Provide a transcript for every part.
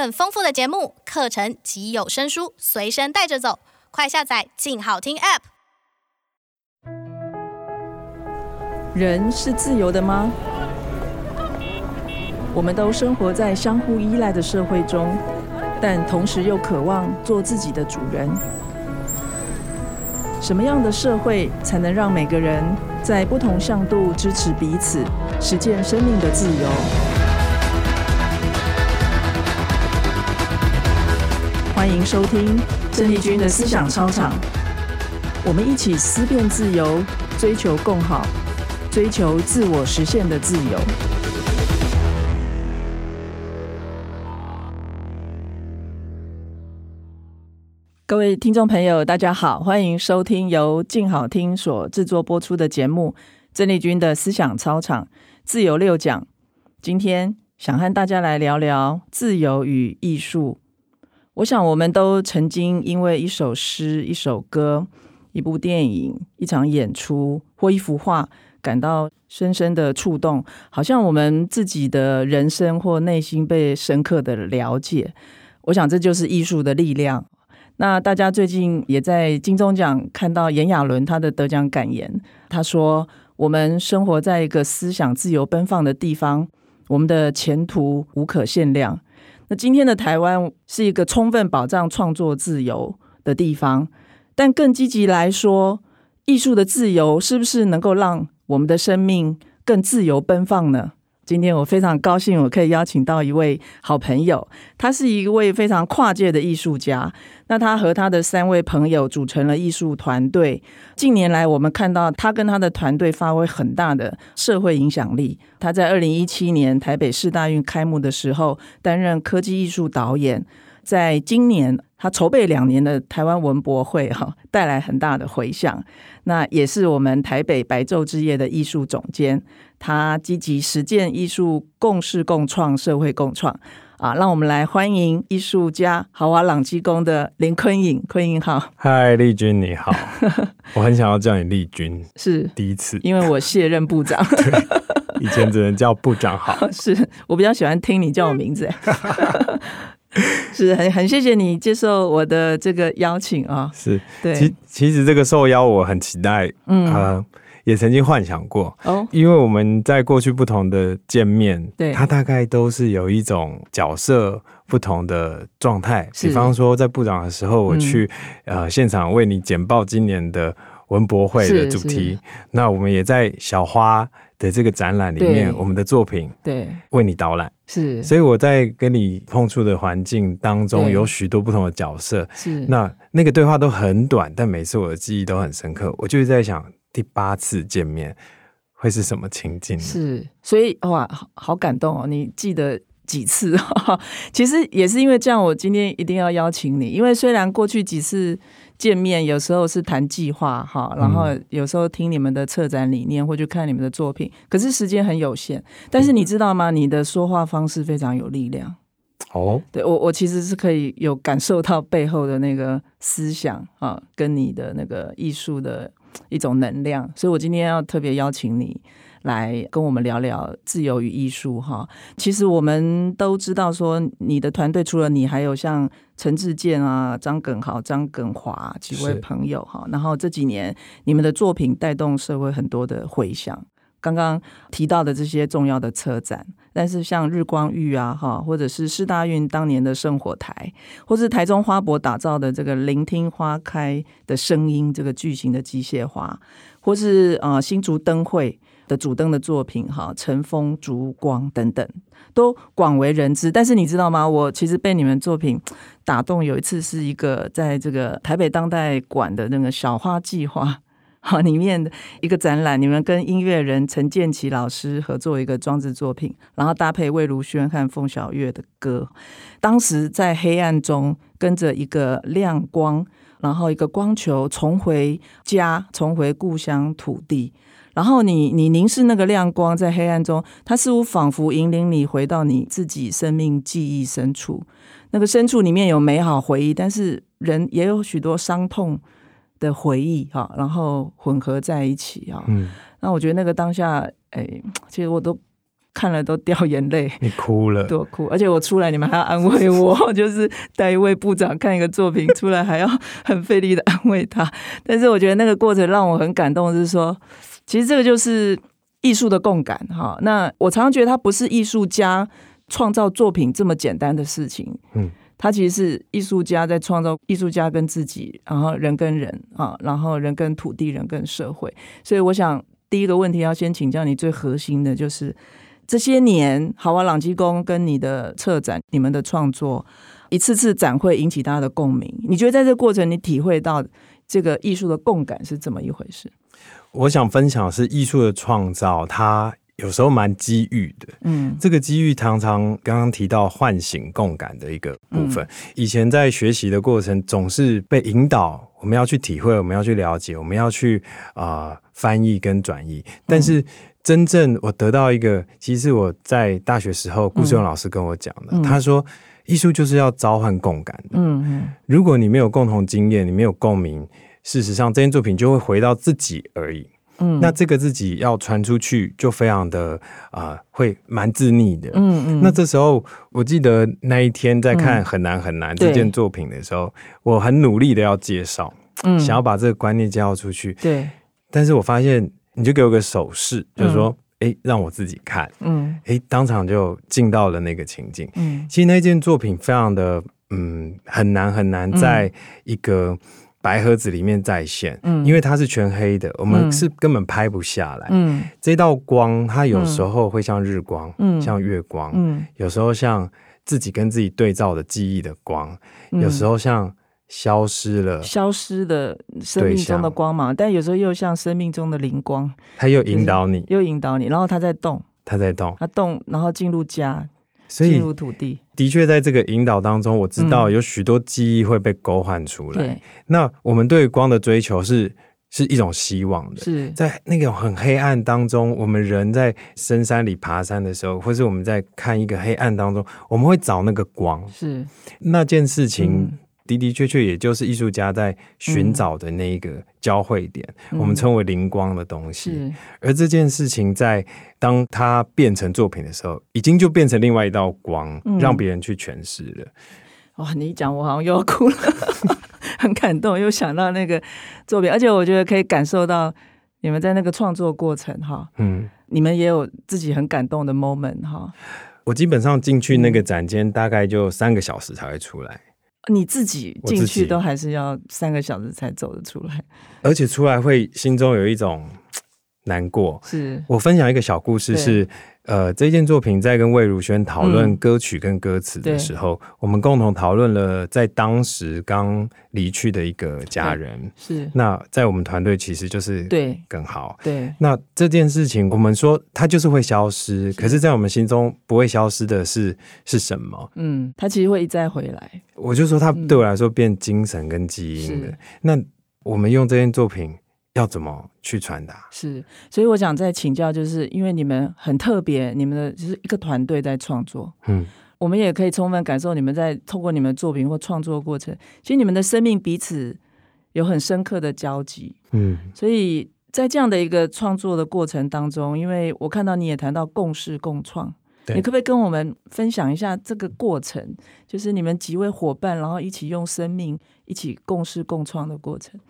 很豐富的節目、課程及有聲書隨身帶着走，快下載“靜好聽 ”App。人是自由的嗎？我們都生活在相互依賴的社會中，但同時又渴望做自己的主人。什麼樣的社會才能讓每個人在不同向度支持彼此，實踐生命的自由？歡迎收聽鄭麗君的思想操場，我們一起思辨自由，追求共好，追求自我實現的自由。各位聽眾朋友，大家好，歡迎收聽由靜好聽所制作播出的節目《鄭麗君的思想操場自由六講》，今天想和大家來聊聊自由與藝術。我想，我們都曾經因為一首詩、一首歌、一部電影、一場演出或一幅畫，感到深深的觸動，好像我們自己的人生或內心被深刻的了解。我想，這就是藝術的力量。那大家最近也在金鐘獎看到炎亞綸他的得獎感言，他說：“我們生活在一個思想自由奔放的地方，我們的前途無可限量。”那今天的台灣是一個充分保障創作自由的地方，但更積極來說，藝術的自由是不是能夠讓我們的生命更自由奔放呢？今天我非常高興，我可以邀請到一位好朋友，他是一位非常跨界的藝術家。那他和他的三位朋友組成了藝術團隊。近年來，我們看到他跟他的團隊發揮很大的社會影響力。他在二零一七年台北世大運開幕的時候，擔任科技藝術導演。在今年，他籌備兩年的台灣文博會哈，帶來很大的回響。那也是我們台北白晝之夜的藝術總監，他積極實踐藝術共事共創、社會共創啊！讓我們來歡迎藝術家豪華朗機工的林昆穎，昆穎好。嗨，麗君你好， 我很想要叫你麗君，是第一次，因為我卸任部長 對，以前只能叫部長好。是我比較喜歡聽你叫我名字。 是很很謝謝你接受我的這個邀請啊、哦，是，對，其其實這個受邀我很期待，嗯、呃、也曾經幻想過哦，因為我們在過去不同的見面，對他大概都是有一種角色不同的狀態，是比方說在部長的時候，我去、嗯、呃現場為你簡報今年的文博會的主題，是是那我們也在小花。的這個展覽裡面，對我們的作品對為你導覽是，對所以我在跟你碰觸的環境當中，有許多不同的角色是。對那那個對話都很短，但每次我的記憶都很深刻。我就是在想，第八次見面會是什麼情境？是，所以哇，好感動哦！你記得幾次哦？其實也是因為這樣，我今天一定要邀請你，因為雖然過去幾次。見面有時候是談計劃哈，然後有時候聽你們的策展理念或去看你們的作品，可是時間很有限。但是你知道嗎？你的說話方式非常有力量。哦、嗯，對，我我其實是可以有感受到背後的那個思想啊，跟你的那個藝術的一種能量。所以我今天要特別邀請你，來跟我們聊聊自由與藝術哈。其實我們都知道說，你的團隊除了你，還有像陳志建、啊、張耿豪、張耿華、啊、幾位朋友哈。是然後這幾年你們的作品帶動社會很多的回響，剛剛提到的這些重要的車展，但是像日光浴啊哈，或者是世大運當年的聖火台，或是台中花博打造的這個聆聽花開的聲音這個巨型的機械花，或是啊新竹燈會。的主燈的作品，哈，晨風、燭光等等，都廣為人知。但是你知道嗎？我其實被你們作品打動。有一次是一個在這個台北當代館的那個小花計劃，哈，裡面的一個展覽，你們跟音樂人陳建騏老師合作一個裝置作品，然後搭配魏如萱和鳳小岳的歌。當時在黑暗中跟着一個亮光，然後一個光球重回家，重回故鄉土地。然後你你凝視那個亮光，在黑暗中，它似乎仿佛引領你回到你自己生命記憶深處。那個深處裡面有美好回憶，但是人也有許多傷痛的回憶，哈。然後混合在一起，啊。嗯。那我覺得那個當下，哎，其實我都看了都掉眼淚，你哭了，多哭。而且我出來，你們還要安慰我，是是是 就是帶一位部長看一個作品出來，還要很費力的安慰他。 但是我覺得那個過程讓我很感動，就是說。其實這個就是藝術的共感哈。那我常常覺得它不是藝術家創造作品這麼簡單的事情。嗯，它其實是藝術家在創造，藝術家跟自己，然後人跟人啊，然後人跟土地，人跟社會。所以我想第一個問題要先請教你，最核心的就是這些年，豪華朗機工跟你的策展，你們的創作一次次展會引起大家的共鳴。你覺得在這個過程你體會到這個藝術的共感是怎麼一回事？我想分享的是藝術的創造，它有時候蠻機遇的。嗯，這個機遇常常剛剛提到喚醒共感的一個部分。嗯、以前在學習的過程，總是被引導，我們要去體會，我們要去了解，我們要去啊、呃、翻譯跟轉譯。但是真正我得到一個，其實我在大學時候，顧志勇老師跟我講的，嗯嗯、他說藝術就是要召喚共感的。嗯，如果你沒有共同經驗，你沒有共鳴。事實上，這件作品就會回到自己而已。嗯，那這個自己要傳出去，就非常的啊、呃，會蠻自溺的。嗯嗯。嗯，那這時候，我記得那一天在看《很難很難》這件作品的時候，嗯、我很努力的要介紹，嗯、想要把這個觀念介紹出去。嗯、對。但是我發現，你就給我個手勢，就是說，哎、嗯，讓我自己看。嗯。哎，當場就進到了那個情境。嗯。其實那件作品非常的，嗯，很難很難，在一個。嗯白盒子裡面再現，嗯、因為它是全黑的，我們是根本拍不下來。嗯，這道光，它有時候會像日光，嗯、像月光，嗯嗯、有時候像自己跟自己對照的記憶的光，嗯、有時候像消失了、消失的生命中的光芒，但有時候又像生命中的靈光，它又引導你，又引導你，然後它在動，它在動，它動，然後進入家。所以土地，的確，在這個引導當中，我知道有許多記憶會被勾喚出來。嗯、對，那我們對光的追求是是一種希望的，是在那個很黑暗當中，我們人在深山裡爬山的時候，或是我們在看一個黑暗當中，我們會找那個光，是那件事情、嗯。的的確確，也就是藝術家在尋找的那一個交匯點，嗯、我們稱為靈光的東西。嗯、是，而這件事情在當它變成作品的時候，已經就變成另外一道光，嗯、讓別人去詮釋了。哇、哦，你一講，我好像又要哭了， 很感動，又想到那個作品，而且我覺得可以感受到你們在那個創作過程哈，嗯，你們也有自己很感動的 moment 哈、哦。我基本上進去那個展間，大概就三個小時才會出來。你自己進去都還是要三個小時才走得出來，而且出來會心中有一種難過。是。我分享一個小故事，是。呃，這件作品在跟魏如萱討論歌曲跟歌詞的時候，嗯、我們共同討論了在當時剛離去的一個家人。是。那在我們團隊其實就是對，更好對。對。那這件事情，我們說它就是會消失，可是，在我們心中不會消失的是，是什麼？嗯，它其實會一再回來。我就說，它對我來說變精神跟基因的。是那我們用這件作品，要怎麼去傳達？是，所以我想再請教，就是因為你們很特別，你們的就是一個團隊在創作，嗯，我們也可以充分感受你們在透過你們的作品或創作過程，其實你們的生命彼此有很深刻的交集，嗯，所以在這樣的一個創作的過程當中，因為我看到你也談到共事共創，對你可不可以跟我們分享一下這個過程？就是你們幾位伙伴，然後一起用生命一起共事共創的過程。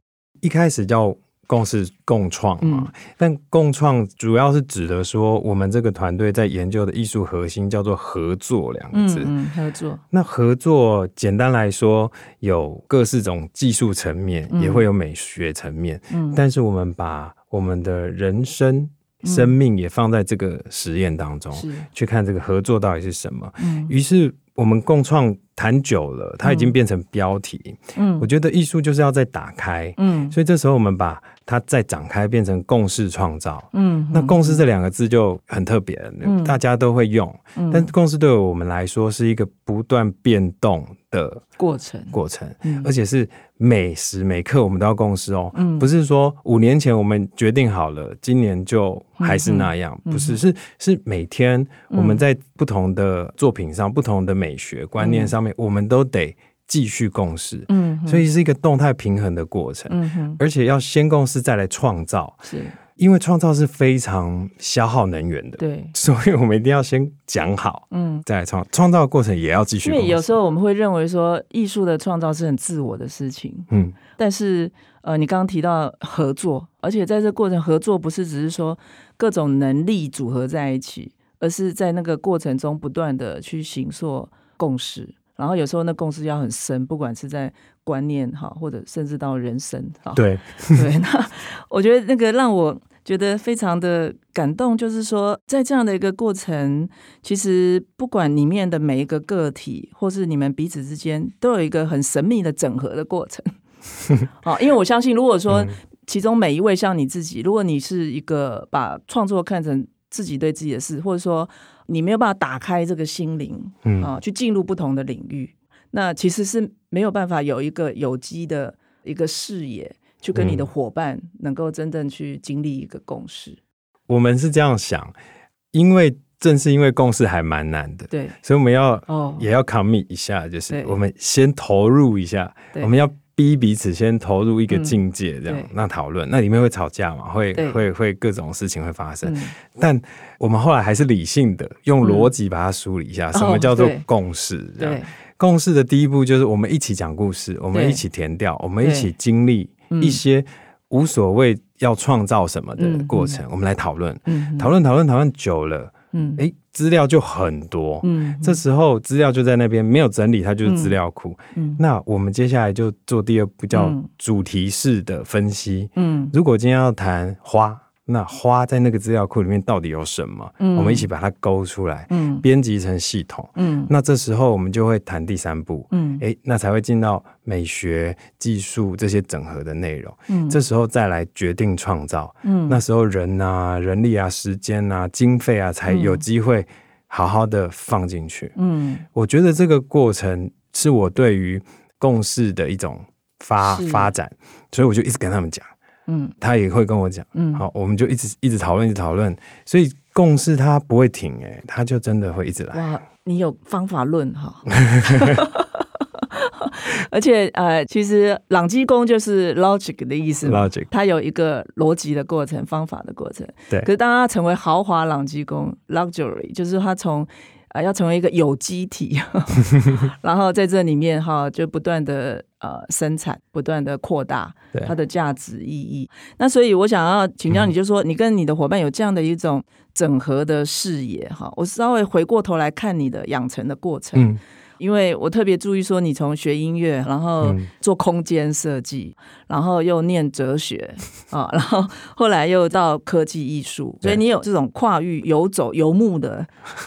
一開始叫。共事共創嘛，但共創主要是指的說，我們這個團隊在研究的藝術核心叫做“合作”兩個字。嗯，合作。那合作簡單來說，有各式種技術層面，也會有美學層面。嗯，但是我們把我們的人生、生命也放在這個實驗當中，去看這個合作到底是什麼。嗯，於是我們共創談久了，它已經變成標題。嗯，我覺得藝術就是要再打開。嗯，所以這時候我們把。它再展開變成共識創造，嗯，嗯，那共識這兩個字就很特別，嗯、大家都會用，嗯、但是共識對我們來說是一個不斷變動的過程，過程，嗯、而且是每時每刻我們都要共識哦，嗯、不是說五年前我們決定好了，今年就還是那樣，嗯嗯、不是，是是每天我們在不同的作品上、嗯、不同的美學觀念上面，嗯、我們都得繼續共識，嗯，所以是一個動態平衡的過程，嗯哼，而且要先共識再來創造，是因為創造是非常消耗能源的，對，所以我們一定要先講好，嗯，再來創創造的過程也要繼續共識。因為有時候我們會認為說藝術的創造是很自我的事情，嗯，但是呃，你剛剛提到合作，而且在這過程合作不是只是說各種能力組合在一起，而是在那個過程中不斷的去形塑共識。然後有時候那共識要很深，不管是在觀念哈，或者甚至到人生哈。好對對，那我覺得那個讓我覺得非常的感動，就是說在這樣的一個過程，其實不管裡面的每一個個體，或是你們彼此之間，都有一個很神秘的整合的過程。 好因為我相信，如果說其中每一位像你自己，如果你是一個把創作看成自己對自己的事，或者說。你沒有辦法打開這個心靈，嗯、呃、啊，去進入不同的領域，嗯、那其實是沒有辦法有一個有機的一個視野，去跟你的夥伴能夠真正去經歷一個共識。我們是這樣想，因為正是因為共識還蠻難的，對，所以我們要哦也要 commit 一下，就是我們先投入一下，對對，我們要。第一，彼此先投入一個境界，這樣那討論，嗯、那裡面會吵架嘛？會對會會各種事情會發生。嗯、但我們後來還是理性的，用邏輯把它梳理一下，嗯、什麼叫做共識？哦、共識的第一步就是我們一起講故事，對我們一起田調，對我們一起經歷一些無所謂要創造什麼的過程。我們來討論，嗯嗯、討論討論討論，討論久了。嗯，誒，資料就很多，嗯，這時候資料就在那邊沒有整理，它就是資料庫。嗯，嗯，那我們接下來就做第二步，叫主題式的分析。嗯，如果今天要談花。那花在那個資料庫裡面到底有什麼？嗯，我們一起把它勾出來，嗯，編輯成系統，嗯，那這時候我們就會談第三步，嗯，哎，那才會進到美學、技術這些整合的內容，嗯，這時候再來決定創造，嗯，那時候人啊、人力啊、時間啊、經費啊，才有機會好好的放進去，嗯，我覺得這個過程是我對於共識的一種發是發展，所以我就一直跟他們講。嗯，他也會跟我講，嗯，好，我們就一直一直討論，一直討論，所以共識他不會停、欸，哎，他就真的會一直來。哇，你有方法論哈，哦、 而且呃，其實朗基公就是 logic 的意思，logic，它有一個邏輯的過程，方法的過程，對。可是當他成為豪華朗基公 （luxury），就是他從。啊、呃，要成為一個有機體，呵呵呵 然後在這裡面哈，就不斷的呃生產，不斷的擴大它的價值意義。對那所以，我想要請教你，就說、嗯、你跟你的夥伴有這樣的一種整合的視野哈。我稍微回過頭來看你的養成的過程。嗯因為我特別注意說，你從學音樂，然後做空間設計，然後又念哲學啊、哦，然後後來又到科技藝術，所以你有這種跨域游走游牧的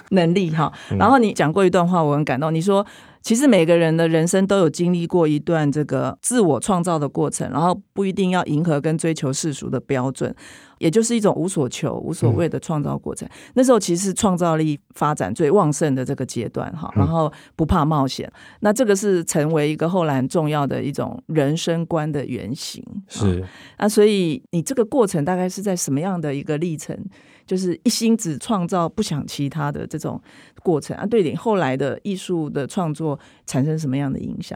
能力哈、哦。然後你講過一段話，我很感動，你說。其實每個人的人生都有經歷過一段這個自我創造的過程，然後不一定要迎合跟追求世俗的標準，也就是一種無所求、無所謂的創造過程。嗯、那時候其實創造力發展最旺盛的這個階段，哈，然後不怕冒險。嗯、那這個是成為一個後來重要的一種人生觀的原型。是啊，所以你這個過程大概是在什麼樣的一個歷程？就是一心只創造，不想其他的這種過程啊，對你後來的藝術的創作產生什麼樣的影響？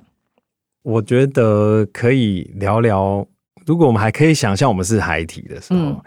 我覺得可以聊聊。如果我們還可以想象我們是孩提的時候，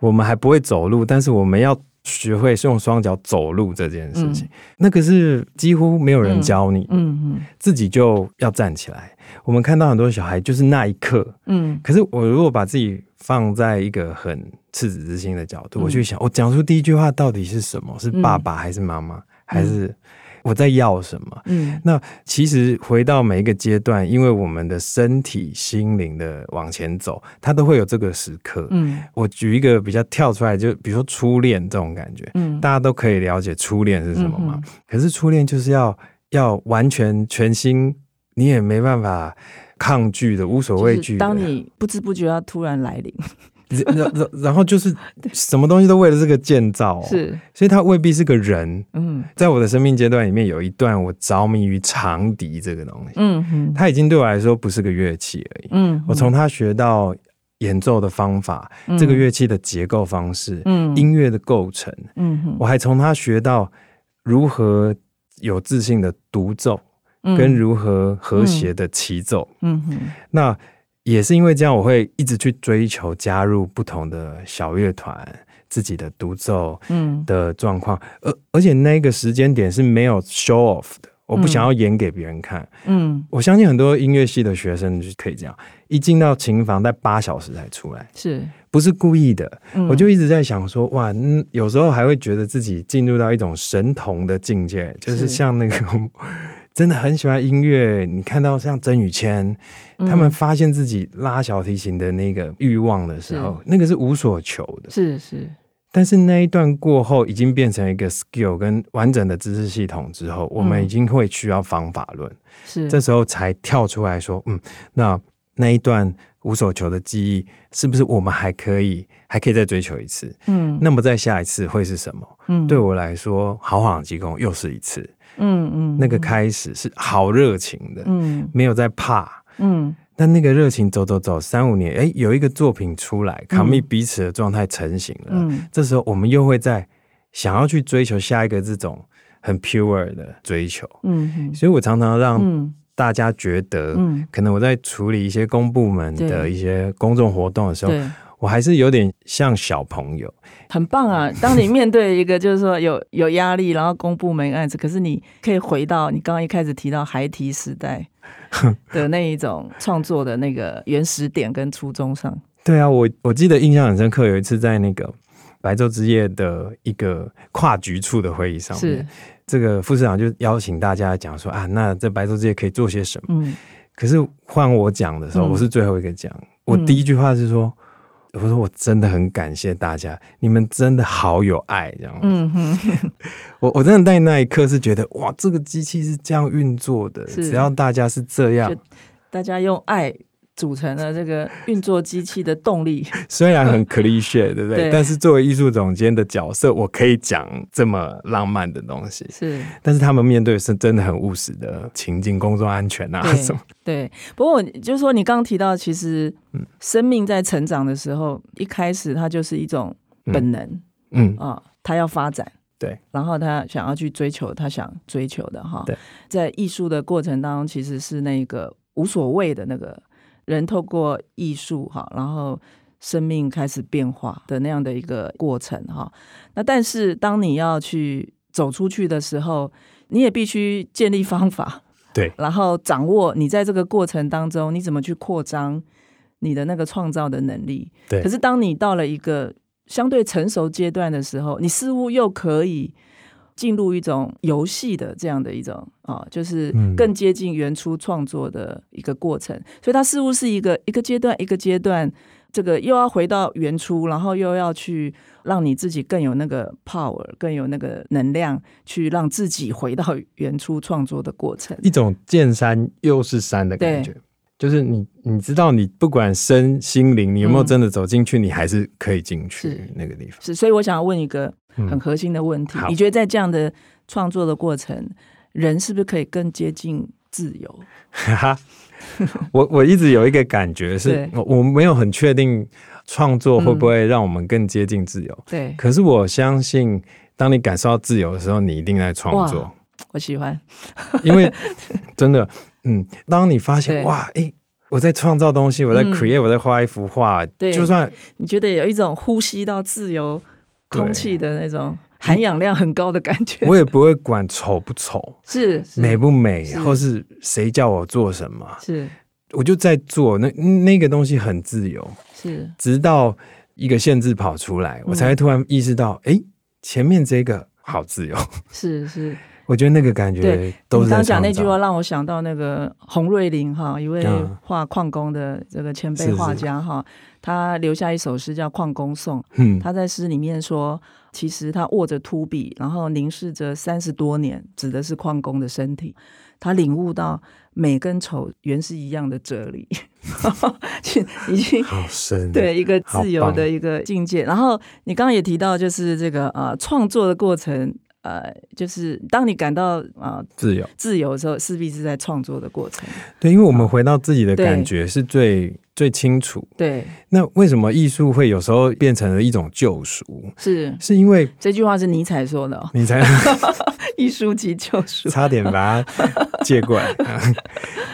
我們還不會走路，但是我們要學會用雙腳走路這件事情，那可是幾乎沒有人教你，嗯嗯，自己就要站起來。我們看到很多小孩就是那一刻，嗯，可是我如果把自己。放在一個很赤子之心的角度，嗯、我去想，我、哦、講出第一句話到底是什麼？是爸爸還是媽媽？嗯、還是我在要什麼？嗯，那其實回到每一個階段，因為我們的身體、心靈的往前走，它都會有這個時刻。嗯，我舉一個比較跳出來，就比如說初戀這種感覺，嗯、大家都可以了解初戀是什麼嗎？嗯、哼可是初戀就是要要完全全心，你也沒辦法抗拒的無所畏懼。當你不知不覺，要突然來臨，然 然然後就是什麼東西都為了這個建造、哦，是對，所以他未必是個人。嗯是，在我的生命階段裡面，有一段我着迷於長笛這個東西。嗯哼，它已經對我來說不是個樂器而已。嗯哼，我從他學到演奏的方法，嗯、哼這個樂器的結構方式，嗯、音樂的構成，嗯哼，我還從他學到如何有自信的獨奏。跟如何和諧的齊奏，嗯，嗯嗯嗯、那也是因為這樣，我會一直去追求加入不同的小樂團，自己的獨奏的狀況，嗯的狀況，而而且那個時間點是沒有 show off 的，我不想要演給別人看，嗯，嗯我相信很多音樂系的學生就可以這樣，一進到琴房待八小時才出來，是不是故意的？嗯、我就一直在想說，哇，嗯、有時候還會覺得自己進入到一種神童的境界，就是像那個。是 真的很喜歡音樂。你看到像曾宇謙，嗯、他們發現自己拉小提琴的那個慾望的時候，是那個是無所求的。是是。是但是那一段過後，已經變成一個 skill 跟完整的知識系統之後，我們已經會需要方法論。是、嗯。這時候才跳出來說，是嗯，那那一段無所求的記憶，是不是我們還可以，還可以再追求一次？嗯。那麼再下一次會是什麼？嗯。對我來說，豪華朗機工又是一次。嗯嗯，嗯那個開始是好熱情的，嗯、沒有在怕，嗯、但那個熱情走走走三五年，哎、欸，有一個作品出來，卡米、嗯、彼此的狀態成型了，嗯、這時候我們又會在想要去追求下一個這種很 pure 的追求，嗯嗯、所以我常常讓大家覺得，嗯嗯、可能我在處理一些公部門的一些公眾活動的時候。我還是有點像小朋友，很棒啊！當你面對一個就是說有有壓力，然後公部門案子，可是你可以回到你剛剛一開始提到孩提時代的那一種創作的那個原始點跟初衷上。 對啊，我我記得印象很深刻，有一次在那個白晝之夜的一個跨局處的會議上面，是這個副市長就邀請大家講說啊，那在白晝之夜可以做些什麼？嗯，可是換我講的時候，我是最後一個講，嗯、我第一句話是說。我說，我真的很感謝大家，你們真的好有愛，這樣，嗯哼，我 我真的在那一刻是覺得，哇，這個機器是這樣運作的，是只要大家是這樣，大家用愛。組成了這個運作機器的動力， 雖然很 cliché，對不對？對。但是作為藝術總監的角色，我可以講這麼浪漫的東西，是。但是他們面對是真的很務實的情境，工作安全啊對什麼。對。不過我就是說，你剛剛提到，其實，生命在成長的時候，嗯、一開始它就是一種本能，嗯啊、哦，它要發展，對。然後他想要去追求他想追求的哈。哦、對。在藝術的過程當中，其實是那個無所謂的那個。人透過藝術哈，然後生命開始變化的那樣的一個過程哈。那但是當你要去走出去的時候，你也必須建立方法，對，然後掌握你在這個過程當中你怎麼去擴張你的那個創造的能力。對。可是當你到了一個相對成熟階段的時候，你似乎又可以。進入一種遊戲的這樣的一種啊、哦，就是更接近原初創作的一個過程，嗯、所以它似乎是一個一個階段一個階段，這個又要回到原初，然後又要去讓你自己更有那個 power，更有那個能量，去讓自己回到原初創作的過程。一種見山又是山的感覺，對就是你你知道，你不管身心靈，你有沒有真的走進去，嗯、你還是可以進去是那個地方。是，所以我想要問一個很核心的問題，嗯、你覺得在這樣的創作的過程，人是不是可以更接近自由？哈， 我我一直有一個感覺是，對我沒有很確定創作會不會讓我們更接近自由。嗯、對，可是我相信，當你感受到自由的時候，你一定在創作。我喜歡， 因為真的，嗯，當你發現對哇、欸，我在創造東西，我在 create，、嗯、我在畫一幅畫，對就算你覺得有一種呼吸到自由。對空氣的那種含氧量很高的感覺。我也不會管醜不醜，是，是美不美，是或是誰叫我做什麼，是我就在做。那那個東西很自由，是直到一個限制跑出來，我才突然意識到，哎、嗯，前面這個好自由，是是。是我覺得那個感覺都是對，你剛講那句話讓我想到那個洪瑞麟哈，一位畫礦工的這個前輩畫家哈，嗯、是是他留下一首詩叫《礦工頌》，嗯、他在詩裡面說，其實他握着禿筆，然後凝視着三十多年，指的是礦工的身體，他領悟到美跟醜原是一樣的哲理，已經好深。對一個自由的一個境界。棒然後你剛剛也提到就是這個呃創作的過程。呃，就是當你感到啊自由自由的時候，勢必是在創作的過程。對，因為我們回到自己的感覺是最最清楚。對，那為什麼藝術會有時候變成了一種救贖？是是因為這句話是尼采說的哦，尼采藝術即救贖，差點把它借過來。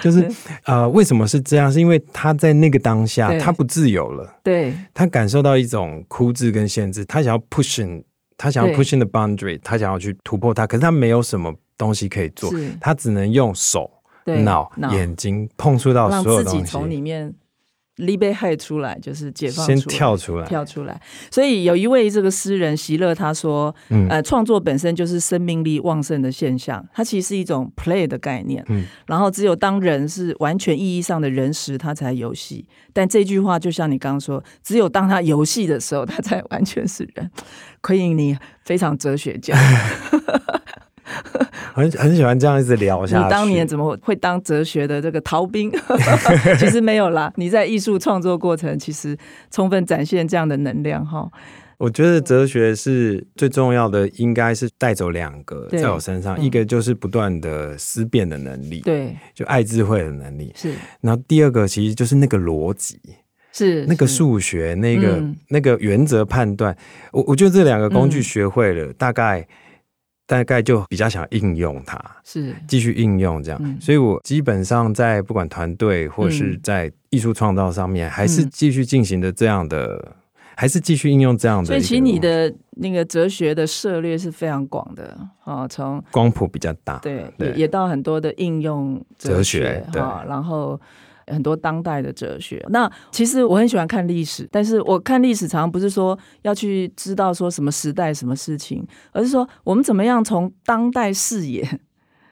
就是啊，為什麼是這樣？是因為他在那個當下，他不自由了，對他感受到一種枯枝跟限制，他想要 pushing。他想要 pushing the boundary，對他想要去突破他，可是他沒有什麼東西可以做，是他只能用手、對腦、眼睛碰觸到所有東西。你被害出來就是解放出來，先跳出來，跳出來。所以有一位這個詩人席勒他說：“嗯、呃，創作本身就是生命力旺盛的現象，它其實是一種 play 的概念。嗯、然後只有當人是完全意義上的人時，他才遊戲。但這句話就像你剛剛說，只有當他遊戲的時候，他才完全是人。虧你非常哲學家。” 很很喜歡這樣一直聊下去。你當年怎麼會當哲學的這個逃兵？ 其實沒有啦，你在藝術創作過程其實充分展現這樣的能量哈。我覺得哲學是最重要的，應該是帶走兩個，在我身上，對一個就是不斷的思辨的能力，對，就愛智慧的能力是。然後第二個其實就是那個邏輯，是那個數學，是那個、嗯、那個原則判斷。我我覺得這兩個工具學會了，大概、嗯。大概就比較想應用它，是繼續應用這樣，嗯、所以我基本上在不管團隊或是在藝術創造上面，還是繼續進行的這樣的，嗯、還是繼續應用這樣的。所以，其實你的那個哲學的涉獵是非常廣的啊、哦，從光譜比較大，對，對也也到很多的應用哲學，哲學對、哦，然後。很多當代的哲學，那其實我很喜歡看歷史，但是我看歷史常常不是說要去知道說什麼時代、什麼事情，而是說我們怎麼樣從當代視野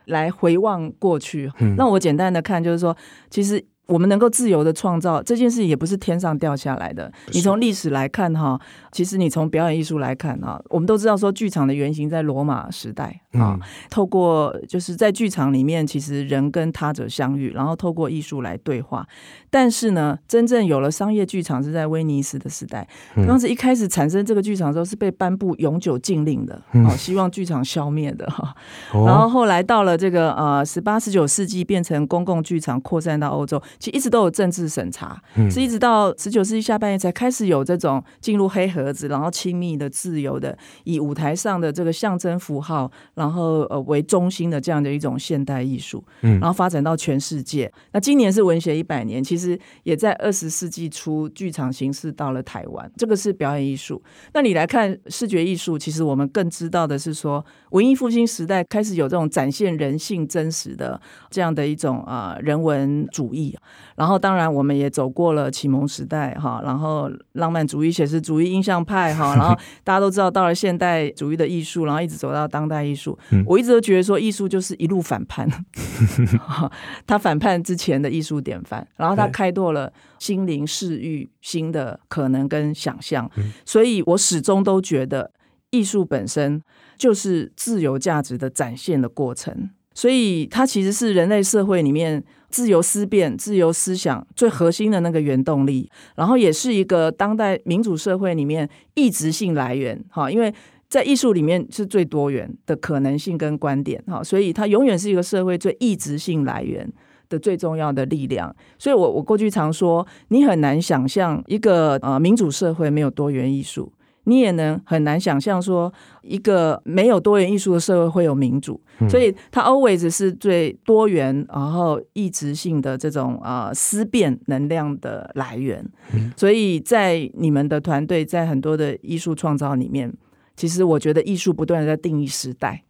來回望過去。嗯。那我簡單的看就是說，其實。我們能夠自由的創造這件事，也不是天上掉下來的。是你從歷史來看哈，其實你從表演藝術來看哈，我們都知道說，劇場的原型在羅馬時代啊。嗯、透過就是在劇場裡面，其實人跟他者相遇，然後透過藝術來對話。但是呢，真正有了商業劇場是在威尼斯的時代。當時、嗯、一開始產生這個劇場之後，是被頒布永久禁令的，嗯、希望劇場消滅的哈。 然後後來到了這個呃十八十九世紀，變成公共劇場，擴散到歐洲。其實一直都有政治審查，是一直到十九世紀下半葉才開始有這種進入黑盒子，然後親密的、自由的，以舞台上的這個象徵符號，然後呃為中心的這樣的一種現代藝術，嗯，然後發展到全世界。那今年是文學一百年，其實也在二十世紀初，劇場形式到了台灣，這個是表演藝術。那你來看視覺藝術，其實我們更知道的是說，文藝復興時代開始有這種展現人性真實的這樣的一種啊、呃、人文主義。然後，當然，我們也走過了啟蒙時代，哈，然後浪漫主義、寫實主義、印象派，哈，然後大家都知道，到了現代主義的藝術，然後一直走到當代藝術。 我一直都覺得，說藝術就是一路反叛、 哦，他反叛之前的藝術典範，然後他開拓了心靈、視域、新的可能跟想象。 所以我始終都覺得，藝術本身就是自由價值的展現的過程，所以它其實是人類社會裡面。自由思辨、自由思想最核心的那個原動力，然後也是一個當代民主社會裡面異質性來源哈，因為在藝術裡面是最多元的可能性跟觀點哈，所以它永遠是一個社會最異質性來源的最重要的力量。所以我我過去常說，你很難想象一個呃民主社會沒有多元藝術。你也能很難想象說一個沒有多元藝術的社會會有民主，嗯、所以它 always 是最多元，然後異質性的這種啊、呃、思辨能量的來源。嗯、所以在你們的團隊，在很多的藝術創造裡面，其實我覺得藝術不斷地在定義時代。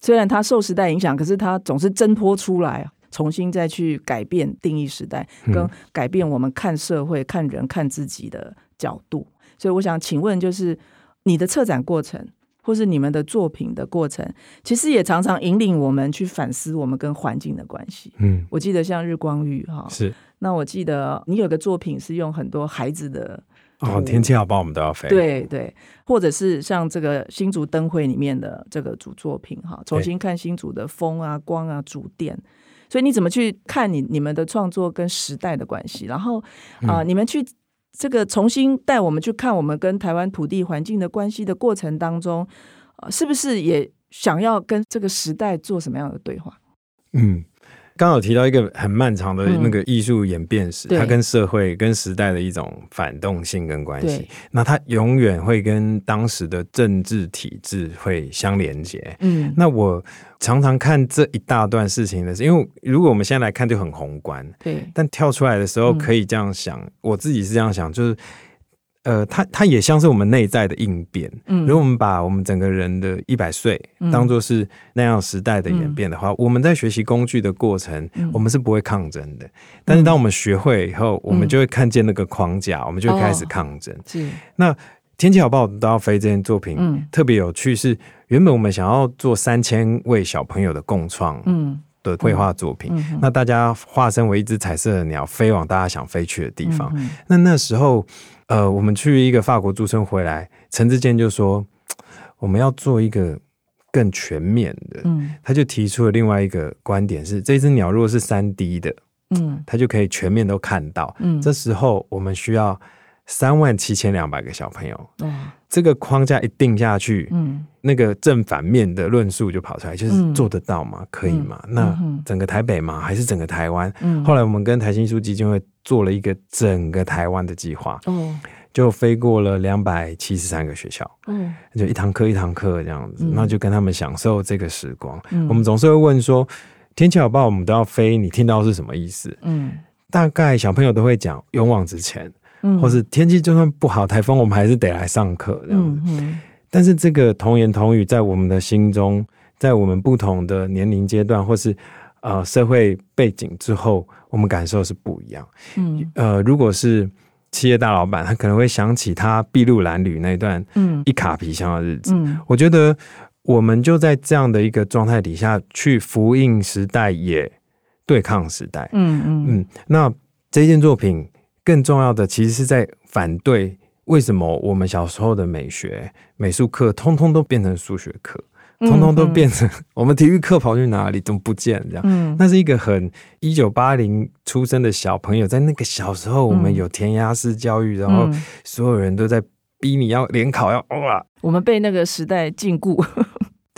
雖然它受時代影響，可是它總是掙脫出來，重新再去改變定義時代，跟改變我們看社會、看人、看自己的角度。所以我想請問，就是你的策展過程，或是你們的作品的過程，其實也常常引領我們去反思我們跟環境的關係。嗯，我記得像日光浴哈，是、哦。那我記得你有個作品是用很多孩子的，哦，天氣好，幫我們都要飛。對對，或者是像這個新竹燈會裡面的這個主作品哈，重新看新竹的風啊、光啊、主電。所以你怎麼去看你你們的創作跟時代的關係？然後啊、嗯呃，你們去。這個重新帶我們去看我們跟台灣土地環境的關係的過程當中，呃，是不是也想要跟這個時代做什麼樣的對話？嗯。剛，剛有提到一個很漫長的那個藝術演變史，嗯、它跟社會、跟時代的一種反動性跟關係，對那它永遠會跟當時的政治體制會相連接。嗯，那我常常看這一大段事情的時候因為如果我們現在來看就很宏觀，對，但跳出來的時候可以這樣想，嗯、我自己是這樣想，就是。呃，它它也像是我們內在的應變。嗯，如果我們把我們整個人的一百歲當作是那樣時代的演變的話，嗯、我們在學習工具的過程，嗯、我們是不會抗爭的。嗯、但是當我們學會以後，嗯、我們就會看見那個框架，我們就會開始抗爭。哦、是那天氣好不好？我們都要飛這件作品，嗯、特別有趣。是原本我們想要做三千位小朋友的共創、嗯，嗯，的繪畫作品。嗯、那大家化身為一隻彩色的鳥，飛往大家想飛去的地方。嗯嗯、那那時候。呃，我們去一個法國駐村回來，陳志堅就說，我們要做一個更全面的，嗯，他就提出了另外一個觀點是，這隻鳥如果是 3D 的，嗯，他就可以全面都看到，嗯，這時候我們需要三萬七千兩百個小朋友，對，嗯。這個框架一定下去，嗯，那個正反面的論述就跑出來，就是做得到嗎？嗯，可以嗎？嗯，那整個台北嗎？還是整個台灣？嗯，後來我們跟台新書基金會做了一個整個台灣的計劃，哦，就飛過了兩百七十三個學校，嗯，就一堂課一堂課這樣子，嗯，那就跟他們享受這個時光。嗯，我們總是會問說，天氣好不好？我們都要飛，你聽到是什麼意思？嗯，大概小朋友都會講，勇往直前。或是天氣就算不好，颱風，我們還是得來上課這樣子。嗯、哼但是這個童言童語在我們的心中，在我們不同的年齡階段，或是呃社會背景之後，我們感受是不一樣。嗯。呃，如果是企業大老闆，他可能會想起他篳路藍縷那一段，嗯，一卡皮箱的日子。嗯、我覺得我們就在這樣的一個狀態底下去回應時代，也對抗時代。嗯嗯，嗯。那這件作品。更重要的，其實是在反對，為什麼我們小時候的美學、美術課，通通都變成數學課，通通都變成我們體育課跑去哪裡都不見，這樣。嗯，那是一個很一九八零出生的小朋友，在那個小時候，我們有填鴨式教育，然後所有人都在逼你要聯考，要哇，我們被那個時代禁錮。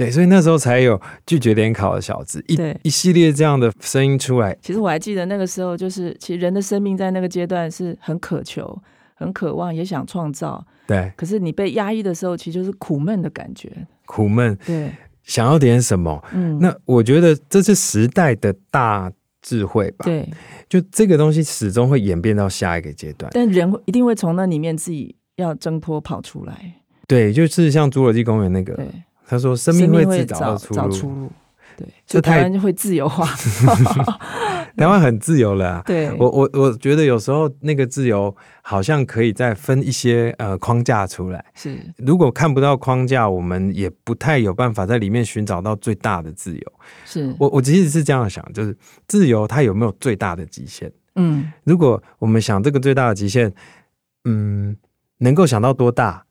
對，所以那時候才有拒絕聯考的小子一對一系列這樣的聲音出來。其實我還記得那個時候，就是其實人的生命在那個階段是很渴求、很渴望，也想創造。對，可是你被壓抑的時候，其實就是苦悶的感覺。苦悶。對，想要點什麼？嗯，那我覺得這是時代的大智慧吧。對，就這個東西始終會演變到下一個階段。但人一定會從那裡面自己要掙脫跑出來。對，就是像侏羅紀公園那個。對。他說：“生命會自找到出路，出路對，就太 台灣就會自由化。台灣很自由了啊。對，我我我覺得有時候那個自由好像可以再分一些呃框架出來。是，如果看不到框架，我們也不太有辦法在裡面尋找到最大的自由。是我我其實是這樣想，就是自由它有沒有最大的極限？嗯，如果我們想這個最大的極限，嗯，能夠想到多大，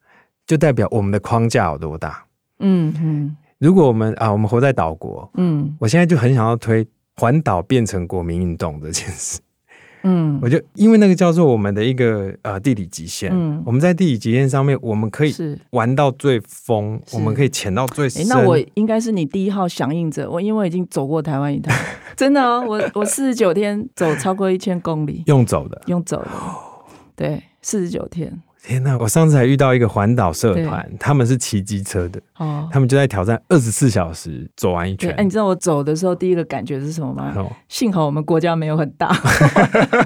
就代表我們的框架有多大。”嗯嗯，嗯，如果我們啊，我們活在島國，嗯，我現在就很想要推環島變成國民運動這件事，嗯，我就因為那個叫做我們的一個呃地理極限，嗯，我們在地理極限上面，我們可以玩到最瘋，是我們可以潛到最深。誒，那我應該是你第一號響應者，我因為我已經走過台灣一趟，真的哦，我我四十九天走超過一千公里，用走的，用走的，對，四十九天。天吶！我上次還遇到一個環島社團，他們是騎機車的，他們就在挑戰二十四小時走完一圈。哎，你知道我走的時候第一個感覺是什麼嗎？幸好我們國家沒有很大，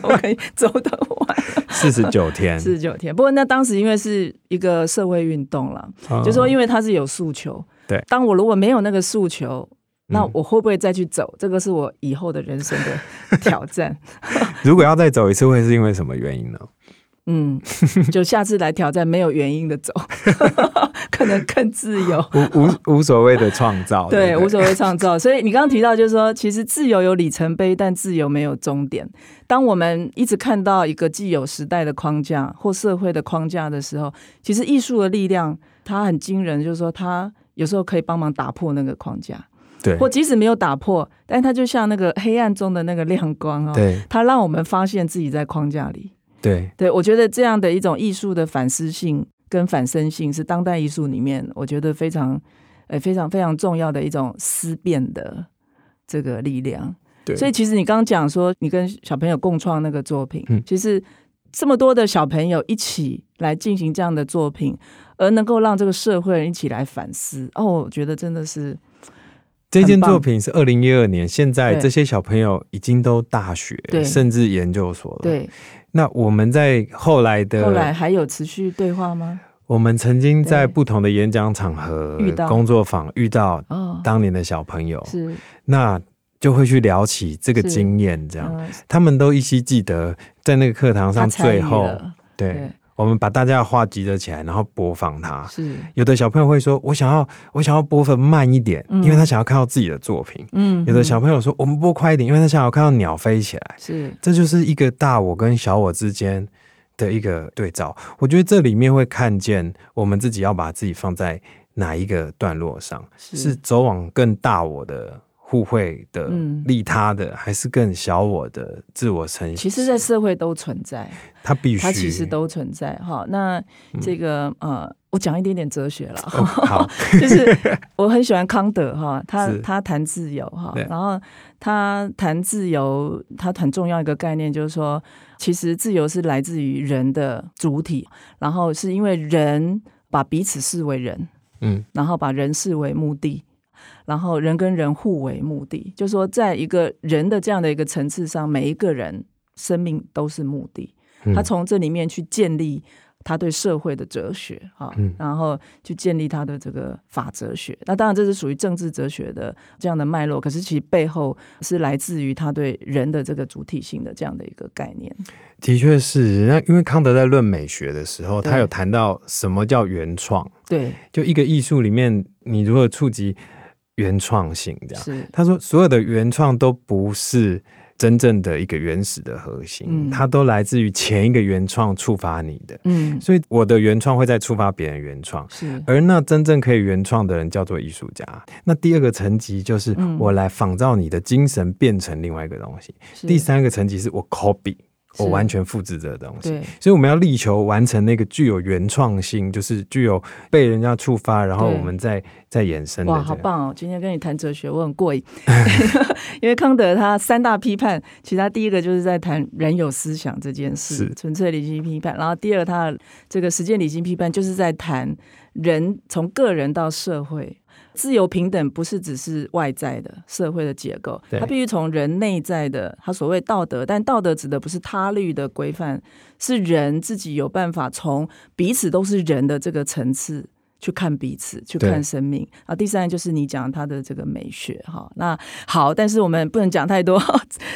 我可以走得完。四十九天，四十九天。不過那當時因為是一個社會運動了，就說因為它是有訴求。對，當我如果沒有那個訴求，那我會不會再去走？這個是我以後的人生的挑戰。如果要再走一次，會是因為什麼原因呢？嗯，就下次來挑戰沒有原因的走， 可能更自由，無無所謂的創造， 對，對對無所謂創造。所以你剛剛提到，就是說，其實自由有里程碑，但自由沒有終點。當我們一直看到一個既有時代的框架或社會的框架的時候，其實藝術的力量它很驚人，就是說，它有時候可以幫忙打破那個框架，對。或即使沒有打破，但它就像那個黑暗中的那個亮光哦，對，它讓我們發現自己在框架裡。對對，我覺得這樣的一種藝術的反思性跟反身性是當代藝術裡面，我覺得非常、欸，非常非常重要的一種思辨的這個力量。對，所以其實你剛剛講說，你跟小朋友共創那個作品，嗯、其實這麼多的小朋友一起來進行這樣的作品，而能夠讓這個社會人一起來反思，哦，我覺得真的是這件作品是二零一二年，現在這些小朋友已經都大學，對，甚至研究所了，對。那我們在後來的後來還有持續對話嗎？我們曾經在不同的演講場合、工作坊遇到，當年的小朋友、哦、是，那就會去聊起這個經驗，這樣、嗯、他們都依稀記得在那個課堂上最後、啊、對。對我們把大家的話集着起來，然後播放它。是有的小朋友會說：“我想要，我想要播放慢一點，嗯、因為他想要看到自己的作品。嗯哼”嗯，有的小朋友說：“我們播快一點，因為他想要看到鳥飛起來。”是，這就是一個大我跟小我之間的一個對照。我覺得這裡面會看見我們自己要把自己放在哪一個段落上，是，是走往更大我的。互惠的、利他的，還是更小我的自我呈現？其實，在社會都存在，它必須，它其實都存在哈。那這個、嗯、呃，我講一點點哲學了，就是我很喜歡康德哈，他他談自由哈，然後他談自由，他對很重要一個概念就是說，其實自由是來自於人的主體，然後是因為人把彼此視為人，嗯，然後把人視為目的。然後人跟人互為目的，就是說，在一個人的這樣的一個層次上，每一個人生命都是目的。嗯、他從這裡面去建立他對社會的哲學、啊嗯、然後去建立他的這個法哲學。那當然這是屬於政治哲學的這樣的脈絡，可是其背後是來自於他對人的這個主體性的這樣的一個概念。的確是，是那因為康德在論美學的時候，對他有談到什麼叫原創。對，就一個藝術裡面，你如果觸及？原創性這樣，是他說所有的原創都不是真正的一個原始的核心，嗯、它都來自於前一個原創觸發你的，嗯，所以我的原創會再觸發別人原創，是，而那真正可以原創的人叫做藝術家。那第二個層級就是我來仿造你的精神變成另外一個東西，嗯、第三個層級是我 copy。我完全複製這個東西，所以我們要力求完成那個具有原創性，就是具有被人家觸發，然後我們再再衍生。對哇，好棒哦！今天跟你談哲學，我很過癮。 因為康德他三大批判，其實他第一個就是在談人有思想這件事，是純粹理性批判；然後第二，他這個實踐理性批判，就是在談人從個人到社會。自由平等不是只是外在的社會的結構，對它必須從人內在的，它所謂道德，但道德指的不是他律的規範，是人自己有辦法從彼此都是人的這個層次。去看彼此，去看生命對啊！第三個就是你講他的這個美學哈。那好，但是我們不能講太多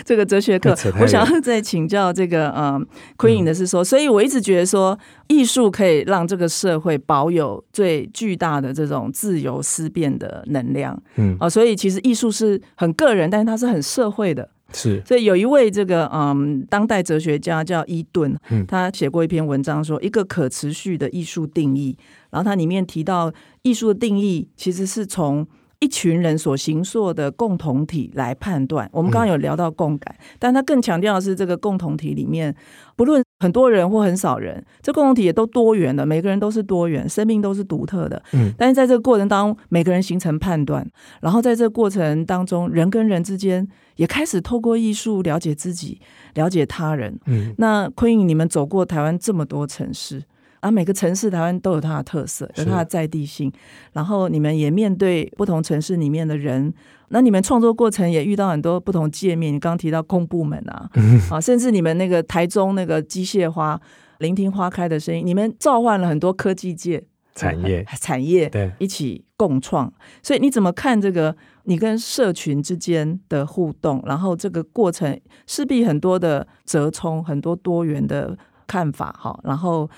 這個哲學課。我想要再請教這個昆穎的是說，所以我一直覺得說，藝術可以讓這個社會保有最巨大的這種自由思辨的能量。嗯啊、嗯嗯嗯，所以其實藝術是很個人，但是它是很社會的。是，所以有一位這個嗯，um, 當代哲學家叫伊頓，嗯，他寫過一篇文章，說一個可持續的藝術定義。然後他裡面提到，藝術的定義其實是從一群人所形塑的共同體來判斷。我們剛剛有聊到共感，嗯、但他更強調的是這個共同體裡面，不論。很多人或很少人，這共同體也都多元的，每個人都是多元，生命都是獨特的。嗯，但是在這個過程當中，每個人形成判斷，然後在這個過程當中，人跟人之間也開始透過藝術了解自己，了解他人。嗯，那昆穎，你們走過台灣這麼多城市。啊，每個城市台灣都有它的特色，有它的在地性。是然後你們也面對不同城市裡面的人，那你們創作過程也遇到很多不同界面。你剛剛提到公部門啊， 啊，甚至你們那個台中那個機械花聆聽花開的聲音，你們召喚了很多科技界產業、嗯、產業一起共創。對所以你怎麼看這個你跟社群之間的互動？然後這個過程勢必很多的折衝，很多多元的看法哈。然後。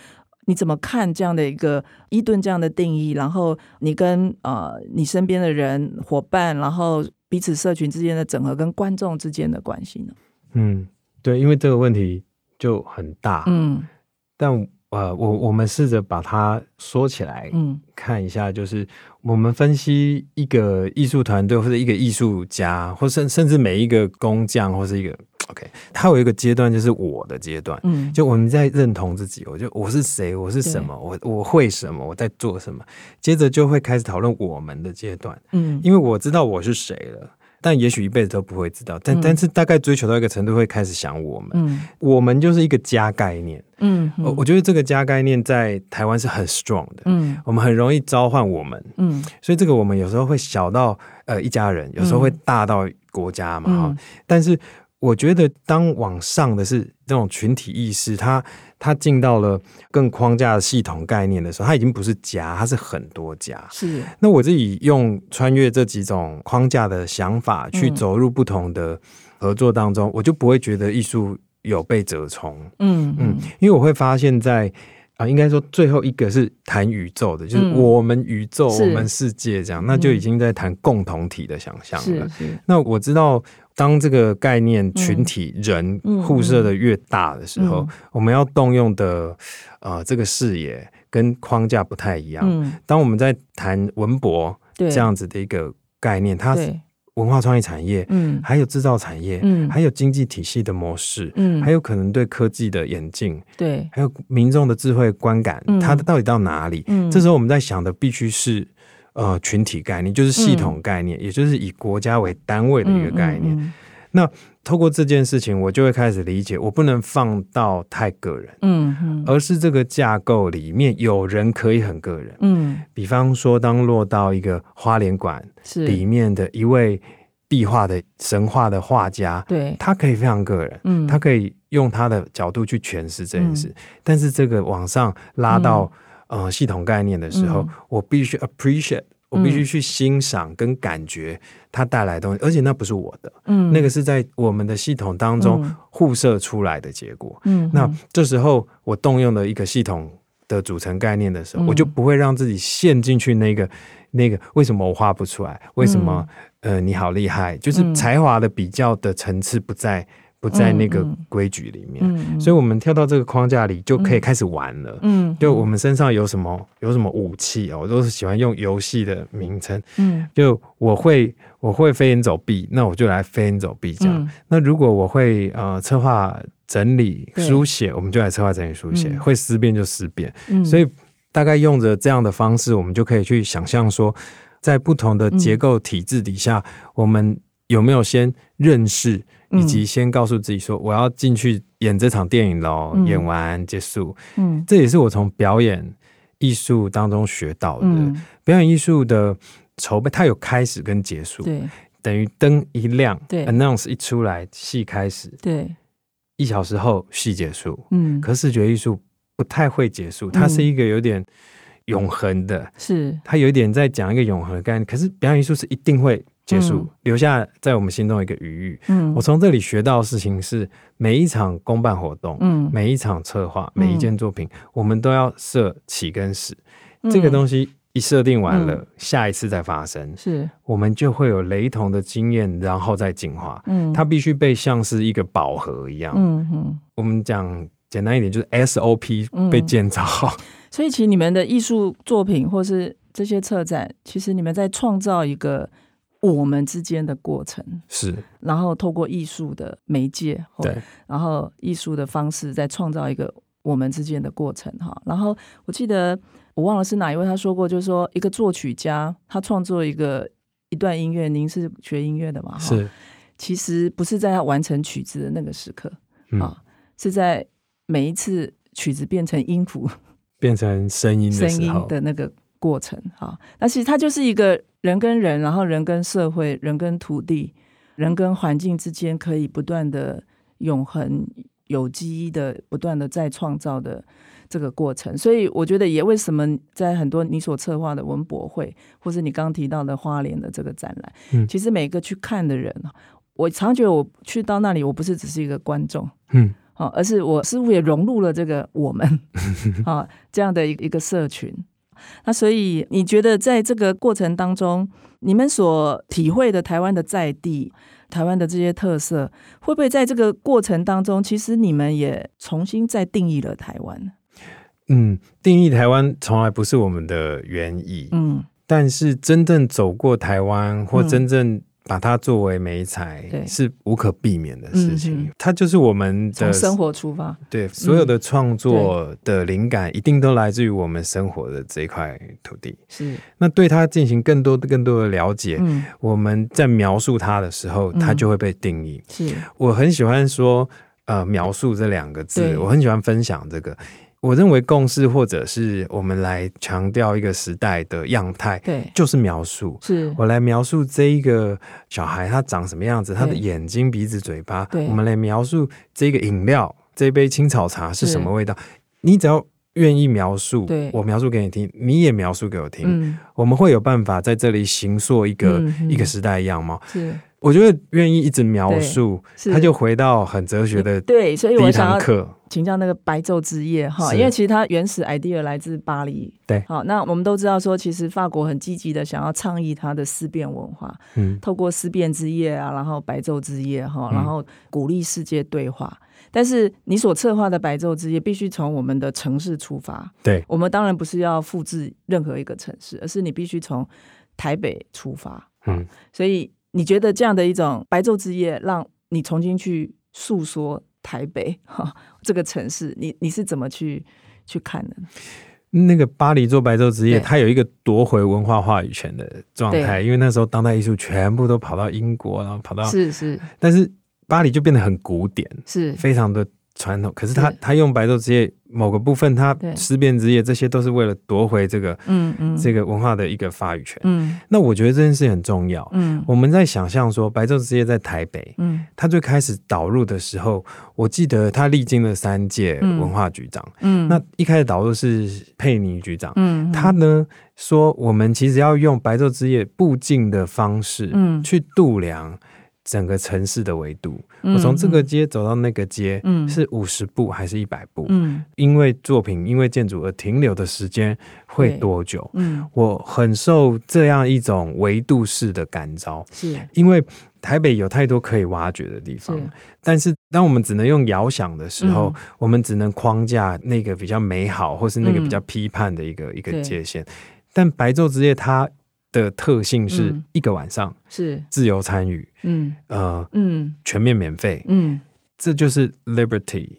你怎麼看這樣的一個伊頓這樣的定義？然後你跟呃你身邊的人、夥伴，然後彼此社群之間的整合，跟觀眾之間的關係呢？嗯，對，因為這個問題就很大。嗯，但呃，我我們試着把它說起來，嗯，看一下，嗯，就是我們分析一個藝術團隊，或者一個藝術家，或甚甚至每一個工匠，或是一個。OK，它有一個階段就是我的階段，嗯，就我們在認同自己，我就我是誰，我是什麼，我我會什麼，我在做什麼。接着就會開始討論我們的階段，嗯，因為我知道我是誰了，但也許一輩子都不會知道，但但是大概追求到一個程度會開始想我們，嗯，我們就是一個家概念，嗯，我我覺得這個家概念在台灣是很 strong 的，嗯，我們很容易召喚我們，嗯，所以這個我們有時候會小到呃一家人，有時候會大到國家嘛，哈，但是。我覺得，當往上的是這種群體意識它，它它進到了更框架的系統概念的時候，它已經不是家，它是很多家。是。那我自己用穿越這幾種框架的想法去走入不同的合作當中，嗯、我就不會覺得藝術有被折衝。嗯嗯，因為我會發現在啊、呃，應該說最後一個是談宇宙的，就是我們宇宙、嗯、我們世界這樣，是那就已經在談共同體的想象了。是是那我知道。當這個概念群體人互設的越大的時候，嗯嗯、我們要動用的呃這個視野跟框架不太一樣。嗯、當我們在談文博這樣子的一個概念，對它是文化創意產業，嗯，還有製造產業，嗯，還有經濟體系的模式，嗯，還有可能對科技的演進，對，還有民眾的智慧觀感，嗯、它到底到哪裡？嗯、這時候我們在想的必須是。呃，群體概念就是系統概念，嗯、也就是以國家為單位的一個概念。嗯嗯嗯、那透過這件事情，我就會開始理解，我不能放到太個人，嗯，嗯而是這個架構裡面有人可以很個人，嗯，比方說，當落到一個花蓮館裡面的一位壁畫的神話的畫家，對是他可以非常個人，嗯，他可以用他的角度去詮釋這件事，嗯、但是這個往上拉到、嗯。呃，系統概念的時候，嗯、我必須 appreciate，我必須去欣賞跟感覺它帶來的東西，嗯、而且那不是我的，嗯，那個是在我們的系統當中互射出來的結果，嗯，嗯，那這時候我動用了一個系統的組成概念的時候，嗯、我就不會讓自己陷進去那個那個，為什麼我畫不出來，為什麼呃，你好厲害，就是才華的比較的層次不在。不在那個規矩裡面，嗯嗯、所以，我們跳到這個框架裡，就可以開始玩了。嗯，嗯就我們身上有什麼，有什麼武器，我都是喜歡用遊戲的名稱。嗯，就我會，我會飛檐走壁，那我就來飛檐走壁這樣，嗯、那如果我會呃策劃整理書寫，對我們就來策劃整理書寫。嗯、會思辨就思辨。嗯，所以大概用着這樣的方式，我們就可以去想象說，在不同的結構體制底下，嗯、我們。有沒有先認識，以及先告訴自己說，我要進去演這場電影嘍，嗯、演完結束。嗯，嗯這也是我從表演藝術當中學到的。嗯、表演藝術的籌備，它有開始跟結束。對，等於燈一亮對，announce 一出來，戲開始。對，一小時後戲結束。嗯，可視覺藝術不太會結束，它是一個有點永恆的，是、嗯、它有一點在講一個永恆感。是可是表演藝術是一定會。結束，嗯、留下在我們心中一個餘韻。嗯，我從這裡學到的事情是，每一場公辦活動，嗯，每一場策劃，嗯、每一件作品，我們都要設起跟死。嗯、這個東西一設定完了，嗯、下一次再發生，是我們就會有雷同的經驗，然後再進化。嗯，它必須被像是一個寶盒一樣。嗯，嗯我們講簡單一點，就是 SOP 被建造好、嗯。所以，其實你們的藝術作品，或是這些策展，其實你們在創造一個。我們之間的過程是，然後透過藝術的媒介，對，然後藝術的方式在創造一個我們之間的過程哈。然後我記得我忘了是哪一位他說過，就是說一個作曲家他創作一個一段音樂，您是學音樂的吧？哈是，其實不是在他完成曲子的那個時刻，嗯、啊，是在每一次曲子變成音符、變成聲音的聲音的那個過程哈，那、啊、其實它就是一個。人跟人，然後人跟社會，人跟土地，人跟環境之間，可以不斷的永恆有機的不斷的再創造的這個過程。所以，我覺得也為什麼在很多你所策劃的文博會，或是你剛剛提到的花蓮的這個展覽，嗯，其實每一個去看的人，我常覺得我去到那裡，我不是只是一個觀眾，嗯，好，而是我似乎也融入了這個我們啊 這樣的一一個社群。那所以，你覺得在這個過程當中，你們所體會的台灣的在地、台灣的這些特色，會不會在這個過程當中，其實你們也重新再定義了台灣？嗯，定義台灣從來不是我們的原意。嗯，但是真正走過台灣，或真正，嗯。把它作為媒材，對是無可避免的事情。嗯嗯、它就是我們的從生活出發，對、嗯、所有的創作的靈感一定都來自於我們生活的這一塊土地。是對那對它進行更多的、更多的了解。是我們在描述它的時候，嗯、它就會被定義。是，我很喜歡說呃“描述”這兩個字，對我很喜歡分享這個。我認為共識，或者是我們來強調一個時代的樣態，對，就是描述，是我來描述這一個小孩他長什麼樣子，對他的眼睛、鼻子、嘴巴，對，我們來描述這個飲料，這杯青草茶是什麼味道。對你只要願意描述，對我描述給你聽，你也描述給我聽，嗯、我們會有辦法在這裡形塑一個、嗯、哼一個時代一樣貌。是我覺得願意一直描述，他就回到很哲學的第一堂課，對，所以我想要請教那個白晝之夜哈，是因為其實它原始 idea 來自巴黎，對，好，那我們都知道說，其實法國很積極的想要倡議它的思辨文化，嗯，透過思辨之夜啊，然後白晝之夜哈，然後鼓勵世界對話。嗯、但是你所策劃的白晝之夜必須從我們的城市出發，對，我們當然不是要複製任何一個城市，而是你必須從台北出發，嗯，所以。你覺得這樣的一種白晝之夜，讓你重新去訴說台北哈這個城市，你你是怎麼去去看的？那個巴黎做白晝之夜，對它有一個奪回文化話語權的狀態，對因為那時候當代藝術全部都跑到英國，然後跑到是是，但是巴黎就變得很古典，是非常的。傳統。可是他是他用白晝之夜某個部分，他思辨之夜，這些都是為了奪回這個嗯嗯對這個文化的一個話語權。嗯，嗯那我覺得這件事很重要。嗯，我們在想象說白晝之夜在台北，嗯，他最開始導入的時候，我記得他歷經了三屆文化局長。嗯，嗯那一開始導入是佩妮局長。嗯，嗯他呢說，我們其實要用白晝之夜步進的方式，嗯，去度量。嗯嗯整個城市的維度，嗯、我從這個街走到那個街，嗯、是五十步還是一百步？嗯、因為作品因為建築而停留的時間會多久？嗯，我很受這樣一種維度式的感召，是因為台北有太多可以挖掘的地方，是但是當我們只能用遙想的時候，嗯、我們只能框架那個比較美好或是那個比較批判的一個、嗯、一個界限，對但白晝之夜它。的特性是一個晚上是、嗯、自由參與，嗯呃嗯全面免費，嗯，這就是 liberty，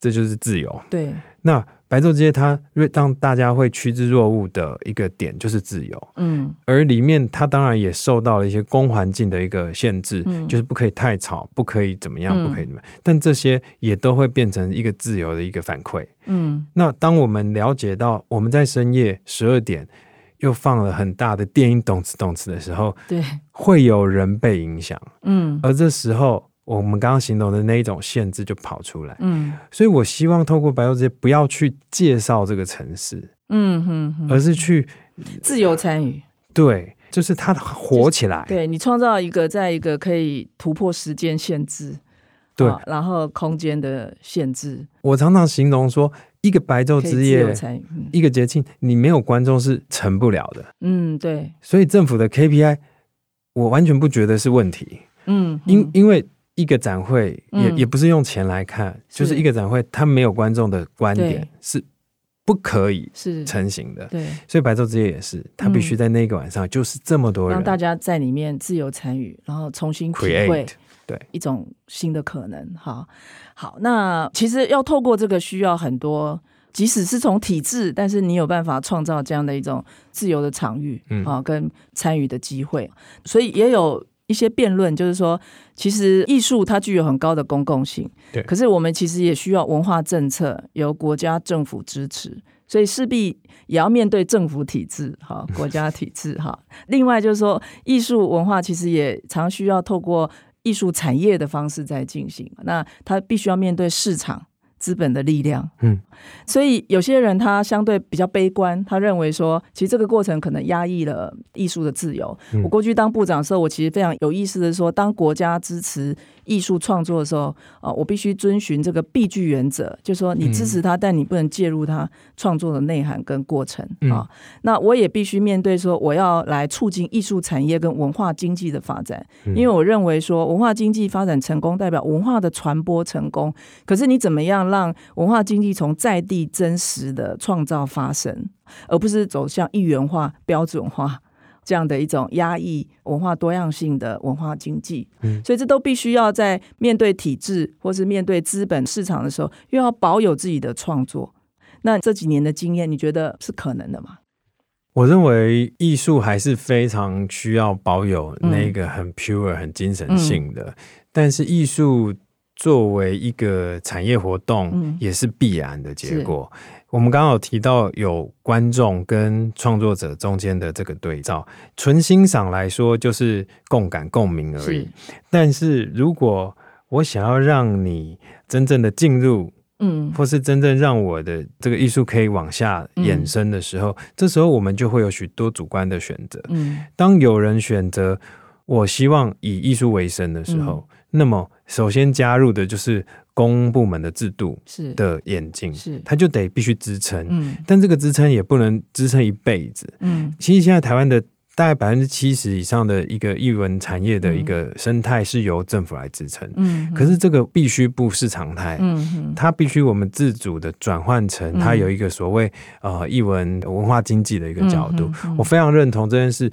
這就是自由。對，那白晝之夜它讓大家會趨之若鶩的一個點就是自由，嗯，而裡面它當然也受到了一些公環境的一個限制，嗯、就是不可以太吵，不可以怎麼樣，不可以怎麼樣，嗯、但這些也都會變成一個自由的一個反饋，嗯。那當我們了解到我們在深夜十二點。又放了很大的電音動詞動詞的時候，對，會有人被影響，嗯，而這時候我們剛剛形容的那一種限制就跑出來，嗯，所以我希望透過白晝之夜不要去介紹這個城市，嗯哼哼，而是去自由參與，對，就是它活起來，就是、對你創造一個在一個可以突破時間限制，對，然後空間的限制，我常常形容說。一個白晝之夜，嗯、一個節慶，你沒有觀眾是成不了的。嗯，對。所以政府的 KPI，我完全不覺得是問題。嗯，嗯因因為一個展會也、嗯、也不是用錢來看，就是一個展會，它沒有觀眾的觀點是不可以是成型的。對對，所以白晝之夜也是，它必須在那個晚上，就是這麼多人讓大家在裡面自由參與，然後重新 create。對一種新的可能哈，好，那其實要透過這個需要很多，即使是從體制，但是你有辦法創造這樣的一種自由的場域啊、嗯哦，跟參與的機會，所以也有一些辯論，就是說，其實藝術它具有很高的公共性，對，可是我們其實也需要文化政策由國家政府支持，所以勢必也要面對政府體制哈，國家體制哈，好 另外就是說，藝術文化其實也常需要透過。藝術產業的方式在進行，那他必須要面對市場資本的力量。嗯，所以有些人他相對比較悲觀，他認為說，其實這個過程可能壓抑了藝術的自由。嗯，我過去當部長的時候，我其實非常有意思的是說，當國家支持。藝術創作的時候，啊、呃，我必須遵循這個臂距原則，就是說你支持他，嗯、但你不能介入他創作的內涵跟過程啊。呃嗯、那我也必須面對說，我要來促進藝術產業跟文化經濟的發展，因為我認為說文化經濟發展成功，代表文化的傳播成功。可是你怎麼樣讓文化經濟從在地真實的創造發生，而不是走向一元化、標準化？這樣的一種壓抑文化多樣性的文化經濟，嗯，所以這都必須要在面對體制或是面對資本市場的時候，又要保有自己的創作。那這幾年的經驗，你覺得是可能的嗎？我認為藝術還是非常需要保有那個很 pure、嗯、很精神性的，嗯嗯、但是藝術作為一個產業活動，也是必然的結果。嗯我們剛好提到有觀眾跟創作者中間的這個對照，純欣賞來說就是共感共鳴而已。是但是，如果我想要讓你真正的進入，嗯，或是真正讓我的這個藝術可以往下衍生的時候，嗯、這時候我們就會有許多主觀的選擇。嗯，當有人選擇我希望以藝術為生的時候，嗯、那麼首先加入的就是。公部門的制度的演進，是，是它就得必須支撐，嗯，但這個支撐也不能支撐一輩子，嗯，其實現在台灣的大概百分之七十以上的一個藝文產業的一個生態是由政府來支撐，嗯，嗯，嗯，可是這個必須不是常態，嗯，嗯，嗯，它必須我們自主的轉換成它有一個所謂呃藝文文化經濟的一個角度，嗯嗯嗯，我非常認同這件事。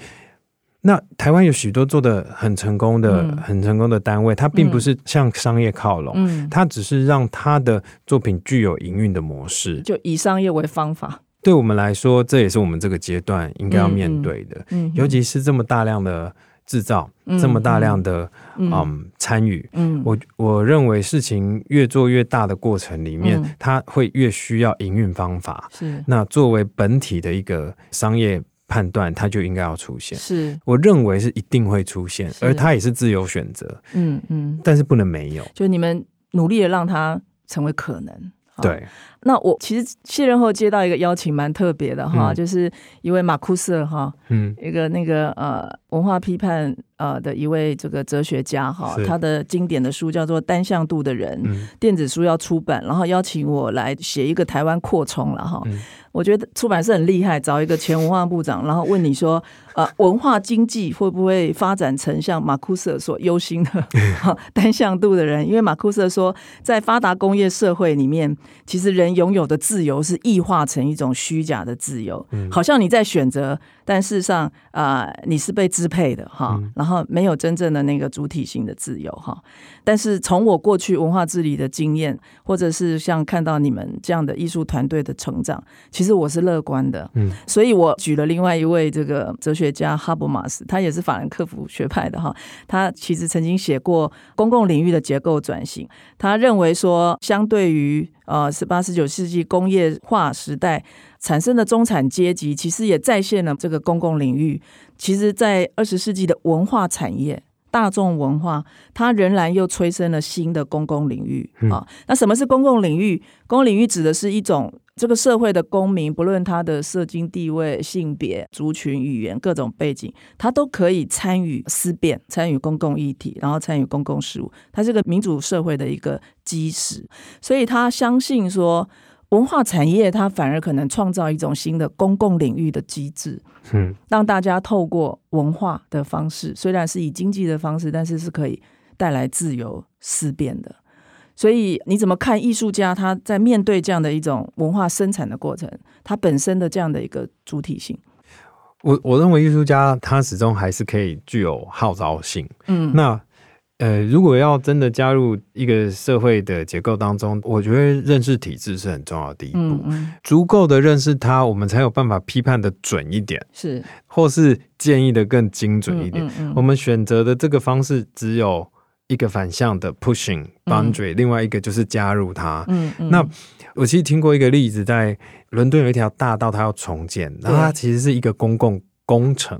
那台灣有許多做的很成功的，嗯、很成功的單位，它並不是向商業靠攏，嗯，它只是讓它的作品具有營運的模式，就以商業為方法。對我們來說，這也是我們這個階段應該要面對的，嗯嗯嗯，尤其是這麼大量的制造，嗯、這麼大量的嗯參與，嗯嗯嗯，我我認為事情越做越大的過程裡面，嗯，它會越需要營運方法。是那作為本體的一個商業。判斷它就應該要出現，是我認為是一定會出現，而它也是自由選擇，嗯嗯，但是不能沒有，就你們努力的讓它成為可能，對。那我其實卸任後接到一個邀請，蠻特別的哈，就是一位馬庫斯哈，嗯，一個那個呃文化批判呃的一位這個哲學家哈，他的經典的書叫做《單向度的人》，電子書要出版，然後邀請我來寫一個台灣擴充了哈。我覺得出版社很厲害，找一個前文化部長，然後問你說，呃，文化經濟會不會發展成像馬庫斯所憂心的 單向度的人？因為馬庫斯說，在發達工業社會裡面，其實人。擁有的自由是異化成一種虛假的自由，好像你在選擇。但事實上，啊、呃，你是被支配的哈，然後沒有真正的那個主體性的自由哈。但是從我過去文化治理的經驗，或者是像看到你們這樣的藝術團隊的成長，其實我是樂觀的。嗯，所以我舉了另外一位這個哲學家哈伯馬斯，他也是法蘭克福學派的哈。他其實曾經寫過公共領域的結構轉型，他認為說，相對於呃，十八、十九世紀工業化時代。產生的中產階級其實也再現了這個公共領域。其實，在二十世紀的文化產業、大眾文化，它仍然又催生了新的公共領域。啊，那什麼是公共領域？公共領域指的是一種這個社會的公民，不論他的社經地位、性別、族群、語言各種背景，他都可以參與思辨、參與公共議題，然後參與公共事務。它是個民主社會的一個基石。所以他相信說。文化產業它反而可能創造一種新的公共領域的機制，嗯，讓大家透過文化的方式，雖然是以經濟的方式，但是是可以帶來自由思辨的。所以你怎麼看藝術家他在面對這樣的一種文化生產的過程，他本身的這樣的一個主體性？我我認為藝術家他始終還是可以具有號召性，嗯，那。呃，如果要真的加入一個社會的結構當中，我覺得認識體制是很重要的一步。嗯嗯，足夠的認識它，我們才有辦法批判的準一點，是，或是建議的更精準一點。嗯嗯嗯，我們選擇的這個方式，只有一個反向的 pushing boundary，嗯、另外一個就是加入它。嗯嗯，那我其實聽過一個例子，在倫敦有一條大道，它要重建，那、嗯、它其實是一個公共。工程，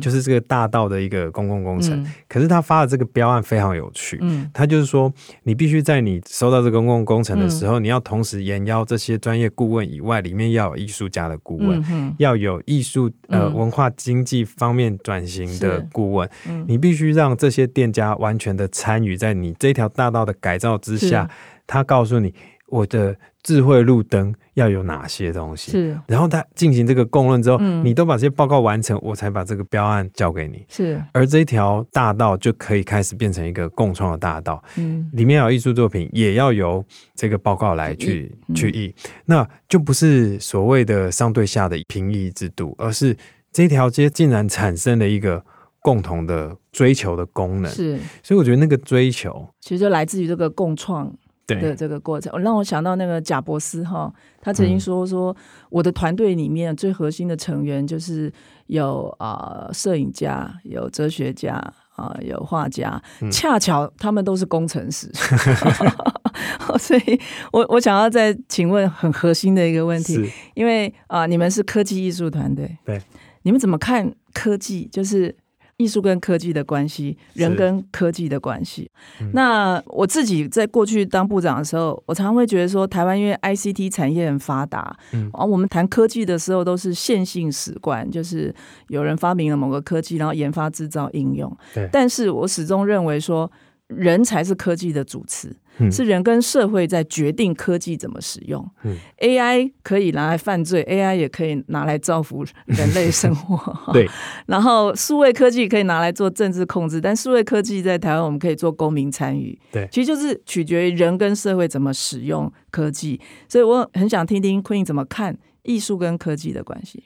就是這個大道的一個公共工程。嗯、可是他發的這個標案非常有趣，他、嗯、就是說，你必須在你收到這個公共工程的時候，嗯、你要同時延邀這些專業顧問以外，裡面要有藝術家的顧問，嗯、哼要有藝術呃、嗯、文化經濟方面轉型的顧問。是你必須讓這些店家完全的參與在你這條大道的改造之下。啊、他告訴你，我的。智慧路燈要有哪些東西？是，然後他進行這個共論之後，嗯、你都把這些報告完成，我才把這個標案交給你。是，而這一條大道就可以開始變成一個共創的大道。嗯，裡面有藝術作品，也要由這個報告來去、嗯、去議，那就不是所謂的上對下的評議制度，而是這條街竟然產生了一個共同的追求的功能。是，所以我覺得那個追求其實就來自於這個共創。對的這個過程，讓我想到那個賈伯斯哈，哦，他曾經說，說我的團隊裡面最核心的成員就是有啊、呃、攝影家，有哲學家啊、呃，有畫家，嗯、恰巧他們都是工程師， 所以我我想要再請問很核心的一個問題，是因為啊、呃、你們是科技藝術團隊，對，你們怎麼看科技？就是。藝術跟科技的關係，人跟科技的關係。嗯、那我自己在過去當部長的時候，我常常會覺得說，台灣因為 ICT 產業很發達，嗯、啊，我們談科技的時候都是線性史觀，就是有人發明了某個科技，然後研發、制造、應用。對，但是我始終認為說，人才是科技的主詞。是人跟社會在決定科技怎麼使用。AI 可以拿來犯罪，AI 也可以拿來造福人類生活。 對，然後數位科技可以拿來做政治控制，但數位科技在台灣我們可以做公民參與。對，其實就是取決於人跟社會怎麼使用科技。所以我很想聽聽昆穎怎麼看藝術跟科技的關係。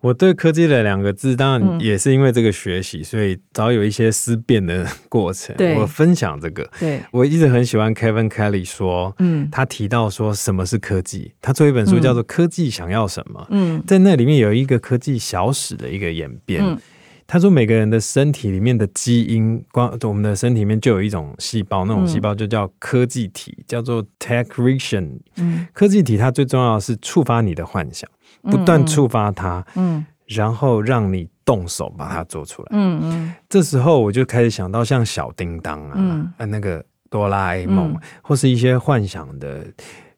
我對“科技”的兩個字，當然也是因為這個學習，嗯，所以早有一些思辨的過程。對，我分享這個，對，我一直很喜歡 Kevin Kelly 說，嗯，他提到說什麼是科技，他做一本書叫做《科技想要什麼》，嗯，在那裡面有一個科技小史的一個演變。嗯。他說：“每個人的身體裡面的基因，光我們的身體裡面就有一種細胞，那種細胞就叫科技體，嗯、叫做 technician。嗯、科技體它最重要的是觸發你的幻想，不斷觸發它，嗯，嗯然後讓你動手把它做出來。嗯嗯，嗯這時候我就開始想到像小叮噹啊，嗯、啊那個哆啦 A 夢，嗯、或是一些幻想的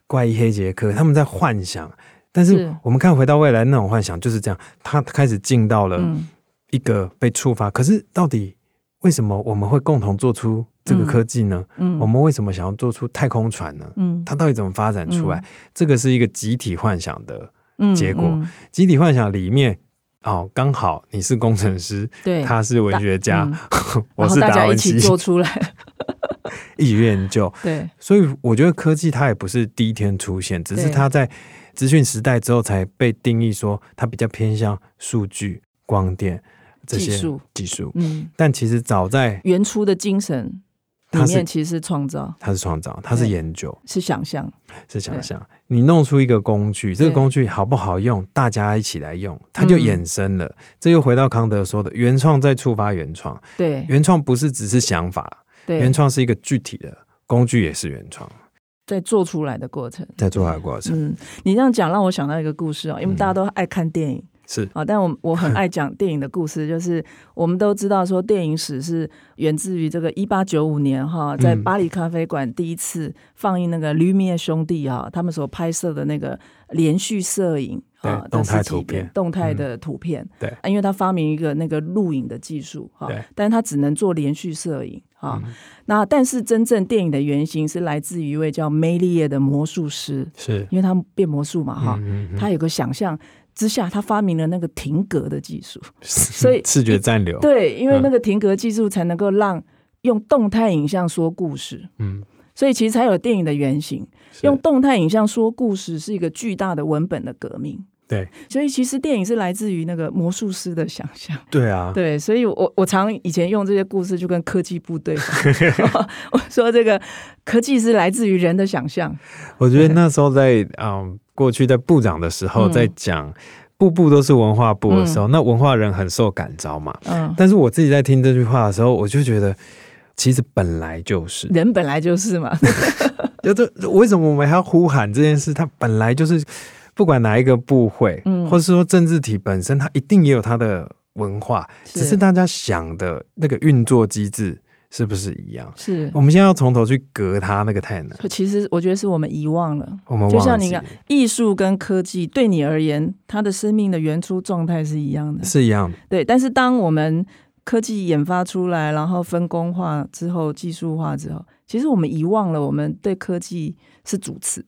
怪醫黑傑克，他們在幻想。但是我們看回到未來那種幻想就是這樣，他開始進到了、嗯。”一個被觸發，可是到底為什麼我們會共同做出這個科技呢？嗯，我們為什麼想要做出太空船呢？嗯，它到底怎麼發展出來？嗯、這個是一個集體幻想的結果。嗯嗯、集體幻想裡面，哦，剛好你是工程師，對，他是文學家，嗯、 我是達文西，然後大家一起做出來 ，一起研究。對，所以我覺得科技它也不是第一天出現，只是它在資訊時代之後才被定義說它比較偏向數據、光電。技術，技術，嗯，但其實早在原初的精神，它是其實創造，它是創造，它是研究，是想象，是想象你弄出一個工具，這個工具好不好用，大家一起來用，它就衍生了。這又回到康德說的，原創再觸發原創，對，原創不是只是想法，對，原創是一個具體的工具，也是原創，在做出來的過程，在做出來的過程。嗯，你這樣講讓我想到一個故事哦，因為大家都愛看電影。是啊，但我我很愛講電影的故事， 就是我們都知道說，電影史是源自於這個一八九五年哈，在巴黎咖啡館第一次放映那個盧米埃兄弟哈他們所拍攝的那個連續攝影啊動態圖片動態的圖片對，嗯、因為他發明一個那個錄影的技術哈，對但他只能做連續攝影啊。嗯嗯、那但是真正電影的原型是來自於一位叫梅利葉的魔術師，是因為他變魔術嘛哈，嗯嗯嗯他有個想象。之下，他發明了那個停格的技術，所以視 覺暫留，對，因為那個停格技術才能夠讓用動態影像說故事，嗯，所以其實才有電影的原型。是用動態影像說故事是一個巨大的文本的革命，對，所以其實電影是來自於那個魔術師的想象，對啊，對，所以我我常以前用這些故事，就跟科技部隊 我說這個科技是來自於人的想象。我覺得那時候在 嗯。過去在部長的時候，在講部部都是文化部的時候，嗯、那文化人很受感召嘛。嗯、但是我自己在聽這句話的時候，我就覺得，其實本來就是，人本來就是嘛 。就這為什麼我們還要呼喊這件事？它本來就是，不管哪一個部會，嗯、或是說政治體本身，它一定也有它的文化，是只是大家想的那個運作機制，是不是一樣？是。我們現在要從頭去隔它那個太難。其實我覺得是我們遺忘了。我們就像你講，藝術跟科技對你而言，它的生命的原初狀態是一樣的。是一樣的。對。但是當我們科技研發出來，然後分工化之後，技術化之後，其實我們遺忘了我們對科技是主詞，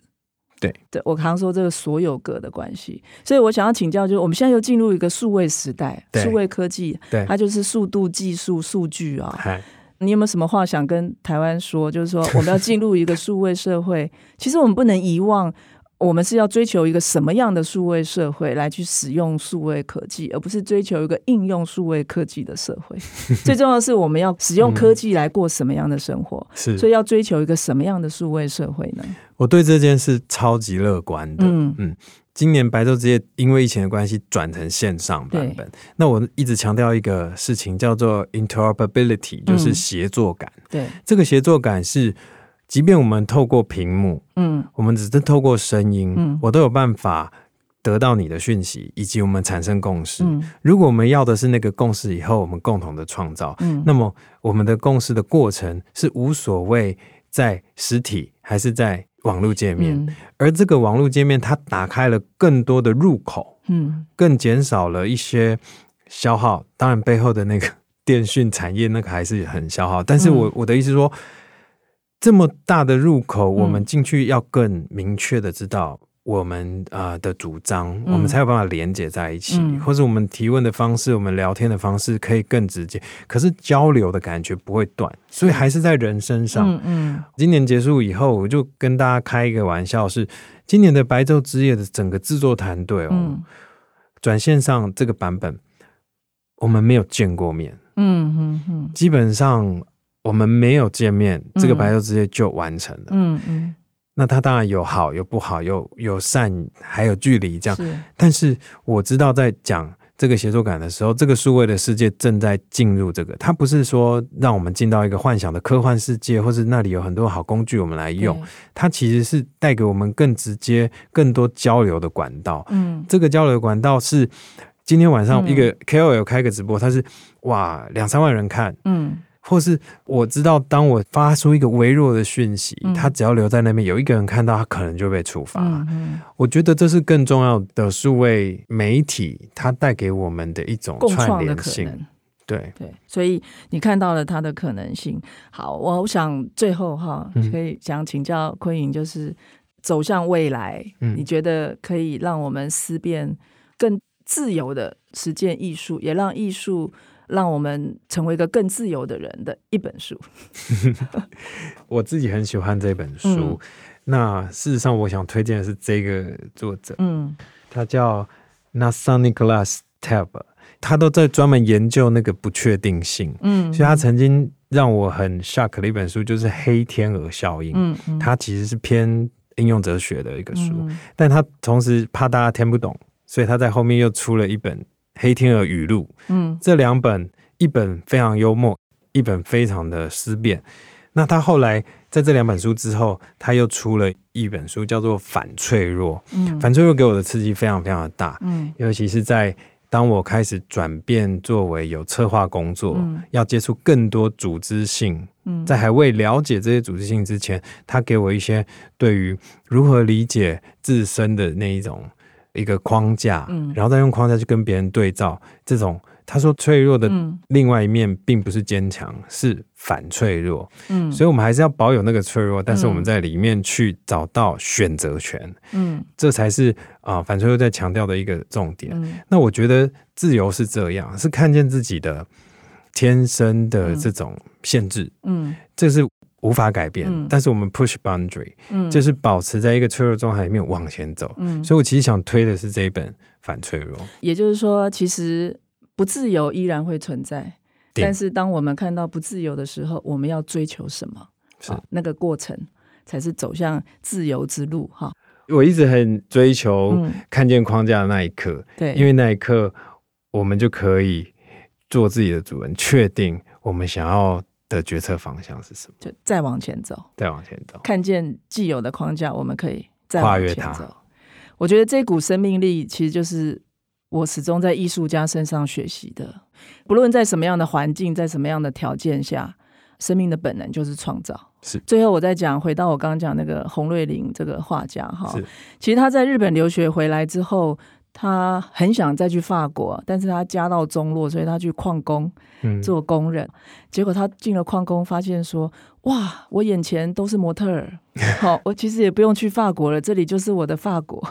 對。對，我常說這個所有格的關係，所以我想要請教，就是我們現在又進入一個數位時代，數對位科技，對，它就是速度、技術、數據啊。你有沒有什麼話想跟台灣說？就是說，我們要進入一個數位社會， 其實我們不能遺忘。我們是要追求一個什麼樣的數位社會來去使用數位科技，而不是追求一個應用數位科技的社會。 最重要的是，我們要使用科技來過什麼樣的生活？是、嗯，所以要追求一個什麼樣的數位社會呢？我對這件事超級樂觀的。嗯嗯，今年白晝之夜因為疫情的關係轉成線上版本。對那我一直強調一個事情叫做 interoperability，就是協作感。嗯、對，這個協作感是。即便我們透過屏幕，嗯，我們只是透過聲音，嗯，我都有辦法得到你的訊息，以及我們產生共識。嗯，如果我們要的是那個共識以後，我們共同的創造，嗯，那麼我們的共識的過程是無所謂在實體還是在網絡界面，嗯，而這個網絡界面它打開了更多的入口，嗯，更減少了一些消耗。當然，背後的那個電訊產業那個還是很消耗，但是我，嗯，我的意思說。這麼大的入口，嗯、我們進去要更明確的知道我們啊、呃、的主張，嗯、我們才有辦法連接在一起，嗯、或者我們提問的方式、我們聊天的方式可以更直接。可是交流的感覺不會斷，是所以還是在人身上。嗯，嗯今年結束以後，我就跟大家開一個玩笑，是今年的白晝之夜的整個製作團隊，哦。嗯、轉線上這個版本，我們沒有見過面。嗯哼哼。基本上。我們沒有見面，這個白頭直接就完成了。嗯嗯，嗯嗯，那它當然有好有不好，有有善還有距離這樣。是但是我知道，在講這個協作感的時候，這個數位的世界正在進入這個。它不是說讓我們進到一個幻想的科幻世界，或是那裡有很多好工具我們來用。對它其實是帶給我們更直接、更多交流的管道。嗯，這個交流管道是今天晚上一個 KOL 開個直播，他，嗯、是哇兩三萬人看。嗯。或是我知道，當我發出一個微弱的訊息，嗯、他只要留在那邊，有一個人看到，他可能就被處罰。嗯嗯、我覺得這是更重要的數位媒體，它帶給我們的一種串連性、共創的可能性。對對，所以你看到了它的可能性。好，我想最後哈，可以想請教昆穎，就是、嗯、走向未來，嗯、你覺得可以讓我們思辨更？自由的實踐藝術，也讓藝術讓我們成為一個更自由的人的一本書。 我自己很喜歡這本書。嗯、那事實上，我想推薦的是這個作者，嗯，他叫 Nassim Nicholas Taleb。他都在專門研究那個不確定性。嗯、嗯，所以他曾經讓我很 shock 的一本書就是《黑天鵝效應》。嗯嗯，他其實是偏應用哲學的一個書，嗯嗯，但他同時怕大家聽不懂。所以他在後面又出了一本《黑天鵝語錄》，嗯，這兩本一本非常幽默，一本非常的思辨。那他後來在這兩本書之後，他又出了一本書，叫做《反脆弱》。嗯，反脆弱給我的刺激非常非常的大。嗯，尤其是在當我開始轉變作為有策劃工作，嗯，要接觸更多組織性，嗯，在還未了解這些組織性之前，他給我一些對於如何理解自身的那一種。一個框架，嗯、然後再用框架去跟別人對照。這種他說，脆弱的另外一面，並不是堅強，嗯、是反脆弱。嗯，所以我們還是要保有那個脆弱，但是我們在裡面去找到選擇權。嗯，這才是啊、呃，反脆弱在強調的一個重點。嗯、那我覺得自由是這樣，是看見自己的天生的這種限制。嗯，嗯這是。無法改變，嗯、但是我們 push boundary，嗯、就是保持在一個脆弱狀態裡面往前走。嗯、所以，我其實想推的是這一本《反脆弱》，也就是說，其實不自由依然會存在，對但是當我們看到不自由的時候，我們要追求什麼？是、哦、那個過程才是走向自由之路。哈、哦，我一直很追求看見框架的那一刻，嗯、對，因為那一刻我們就可以做自己的主人，確定我們想要的決策方向是什麼？就再往前走，再往前走，看見既有的框架，我們可以再跨越它。我覺得這股生命力其實就是我始終在藝術家身上學習的。不論在什麼樣的環境，在什麼樣的條件下，生命的本能就是創造。是。最後我再講，回到我剛剛講那個洪瑞麟這個畫家哈，是其實他在日本留學回來之後。他很想再去法國，但是他家道中落，所以他去礦工做工人。嗯、結果他進了礦工，發現說：“哇，我眼前都是模特兒，好、 哦，我其實也不用去法國了，這裡就是我的法國。”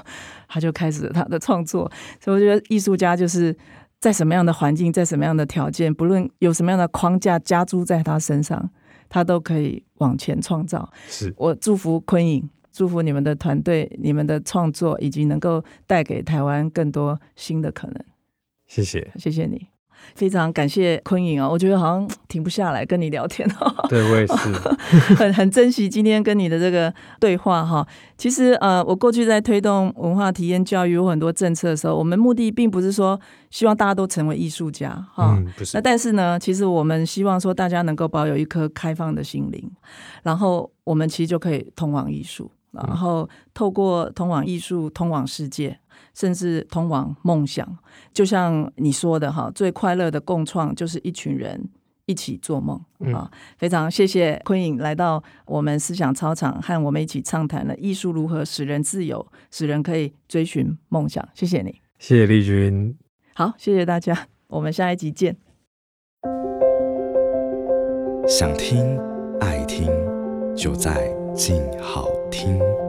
他就開始了他的創作。所以我覺得藝術家就是在什麼樣的環境，在什麼樣的條件，不論有什麼樣的框架加諸在他身上，他都可以往前創造。是，我祝福昆穎。祝福你們的團隊，你們的創作，以及能夠帶給台灣更多新的可能。謝謝，謝謝你，非常感謝昆穎啊、哦！我覺得好像停不下來跟你聊天哦。對，我也是， 很很珍惜今天跟你的這個對話哈、哦。其實呃，我過去在推動文化體驗教育有很多政策的時候，我們目的並不是說希望大家都成為藝術家哈，哦嗯、不是，那但是呢，其實我們希望說大家能夠保有一顆開放的心靈，然後我們其實就可以通往藝術。然後，透過通往藝術，通往世界，甚至通往夢想，就像你說的哈，最快樂的共創就是一群人一起做夢啊！嗯、非常謝謝昆穎來到我們思想操場，和我們一起暢談了藝術如何使人自由，使人可以追尋夢想。謝謝你，謝謝麗君，好，謝謝大家，我們下一集見。想聽愛聽，就在靜好。聽。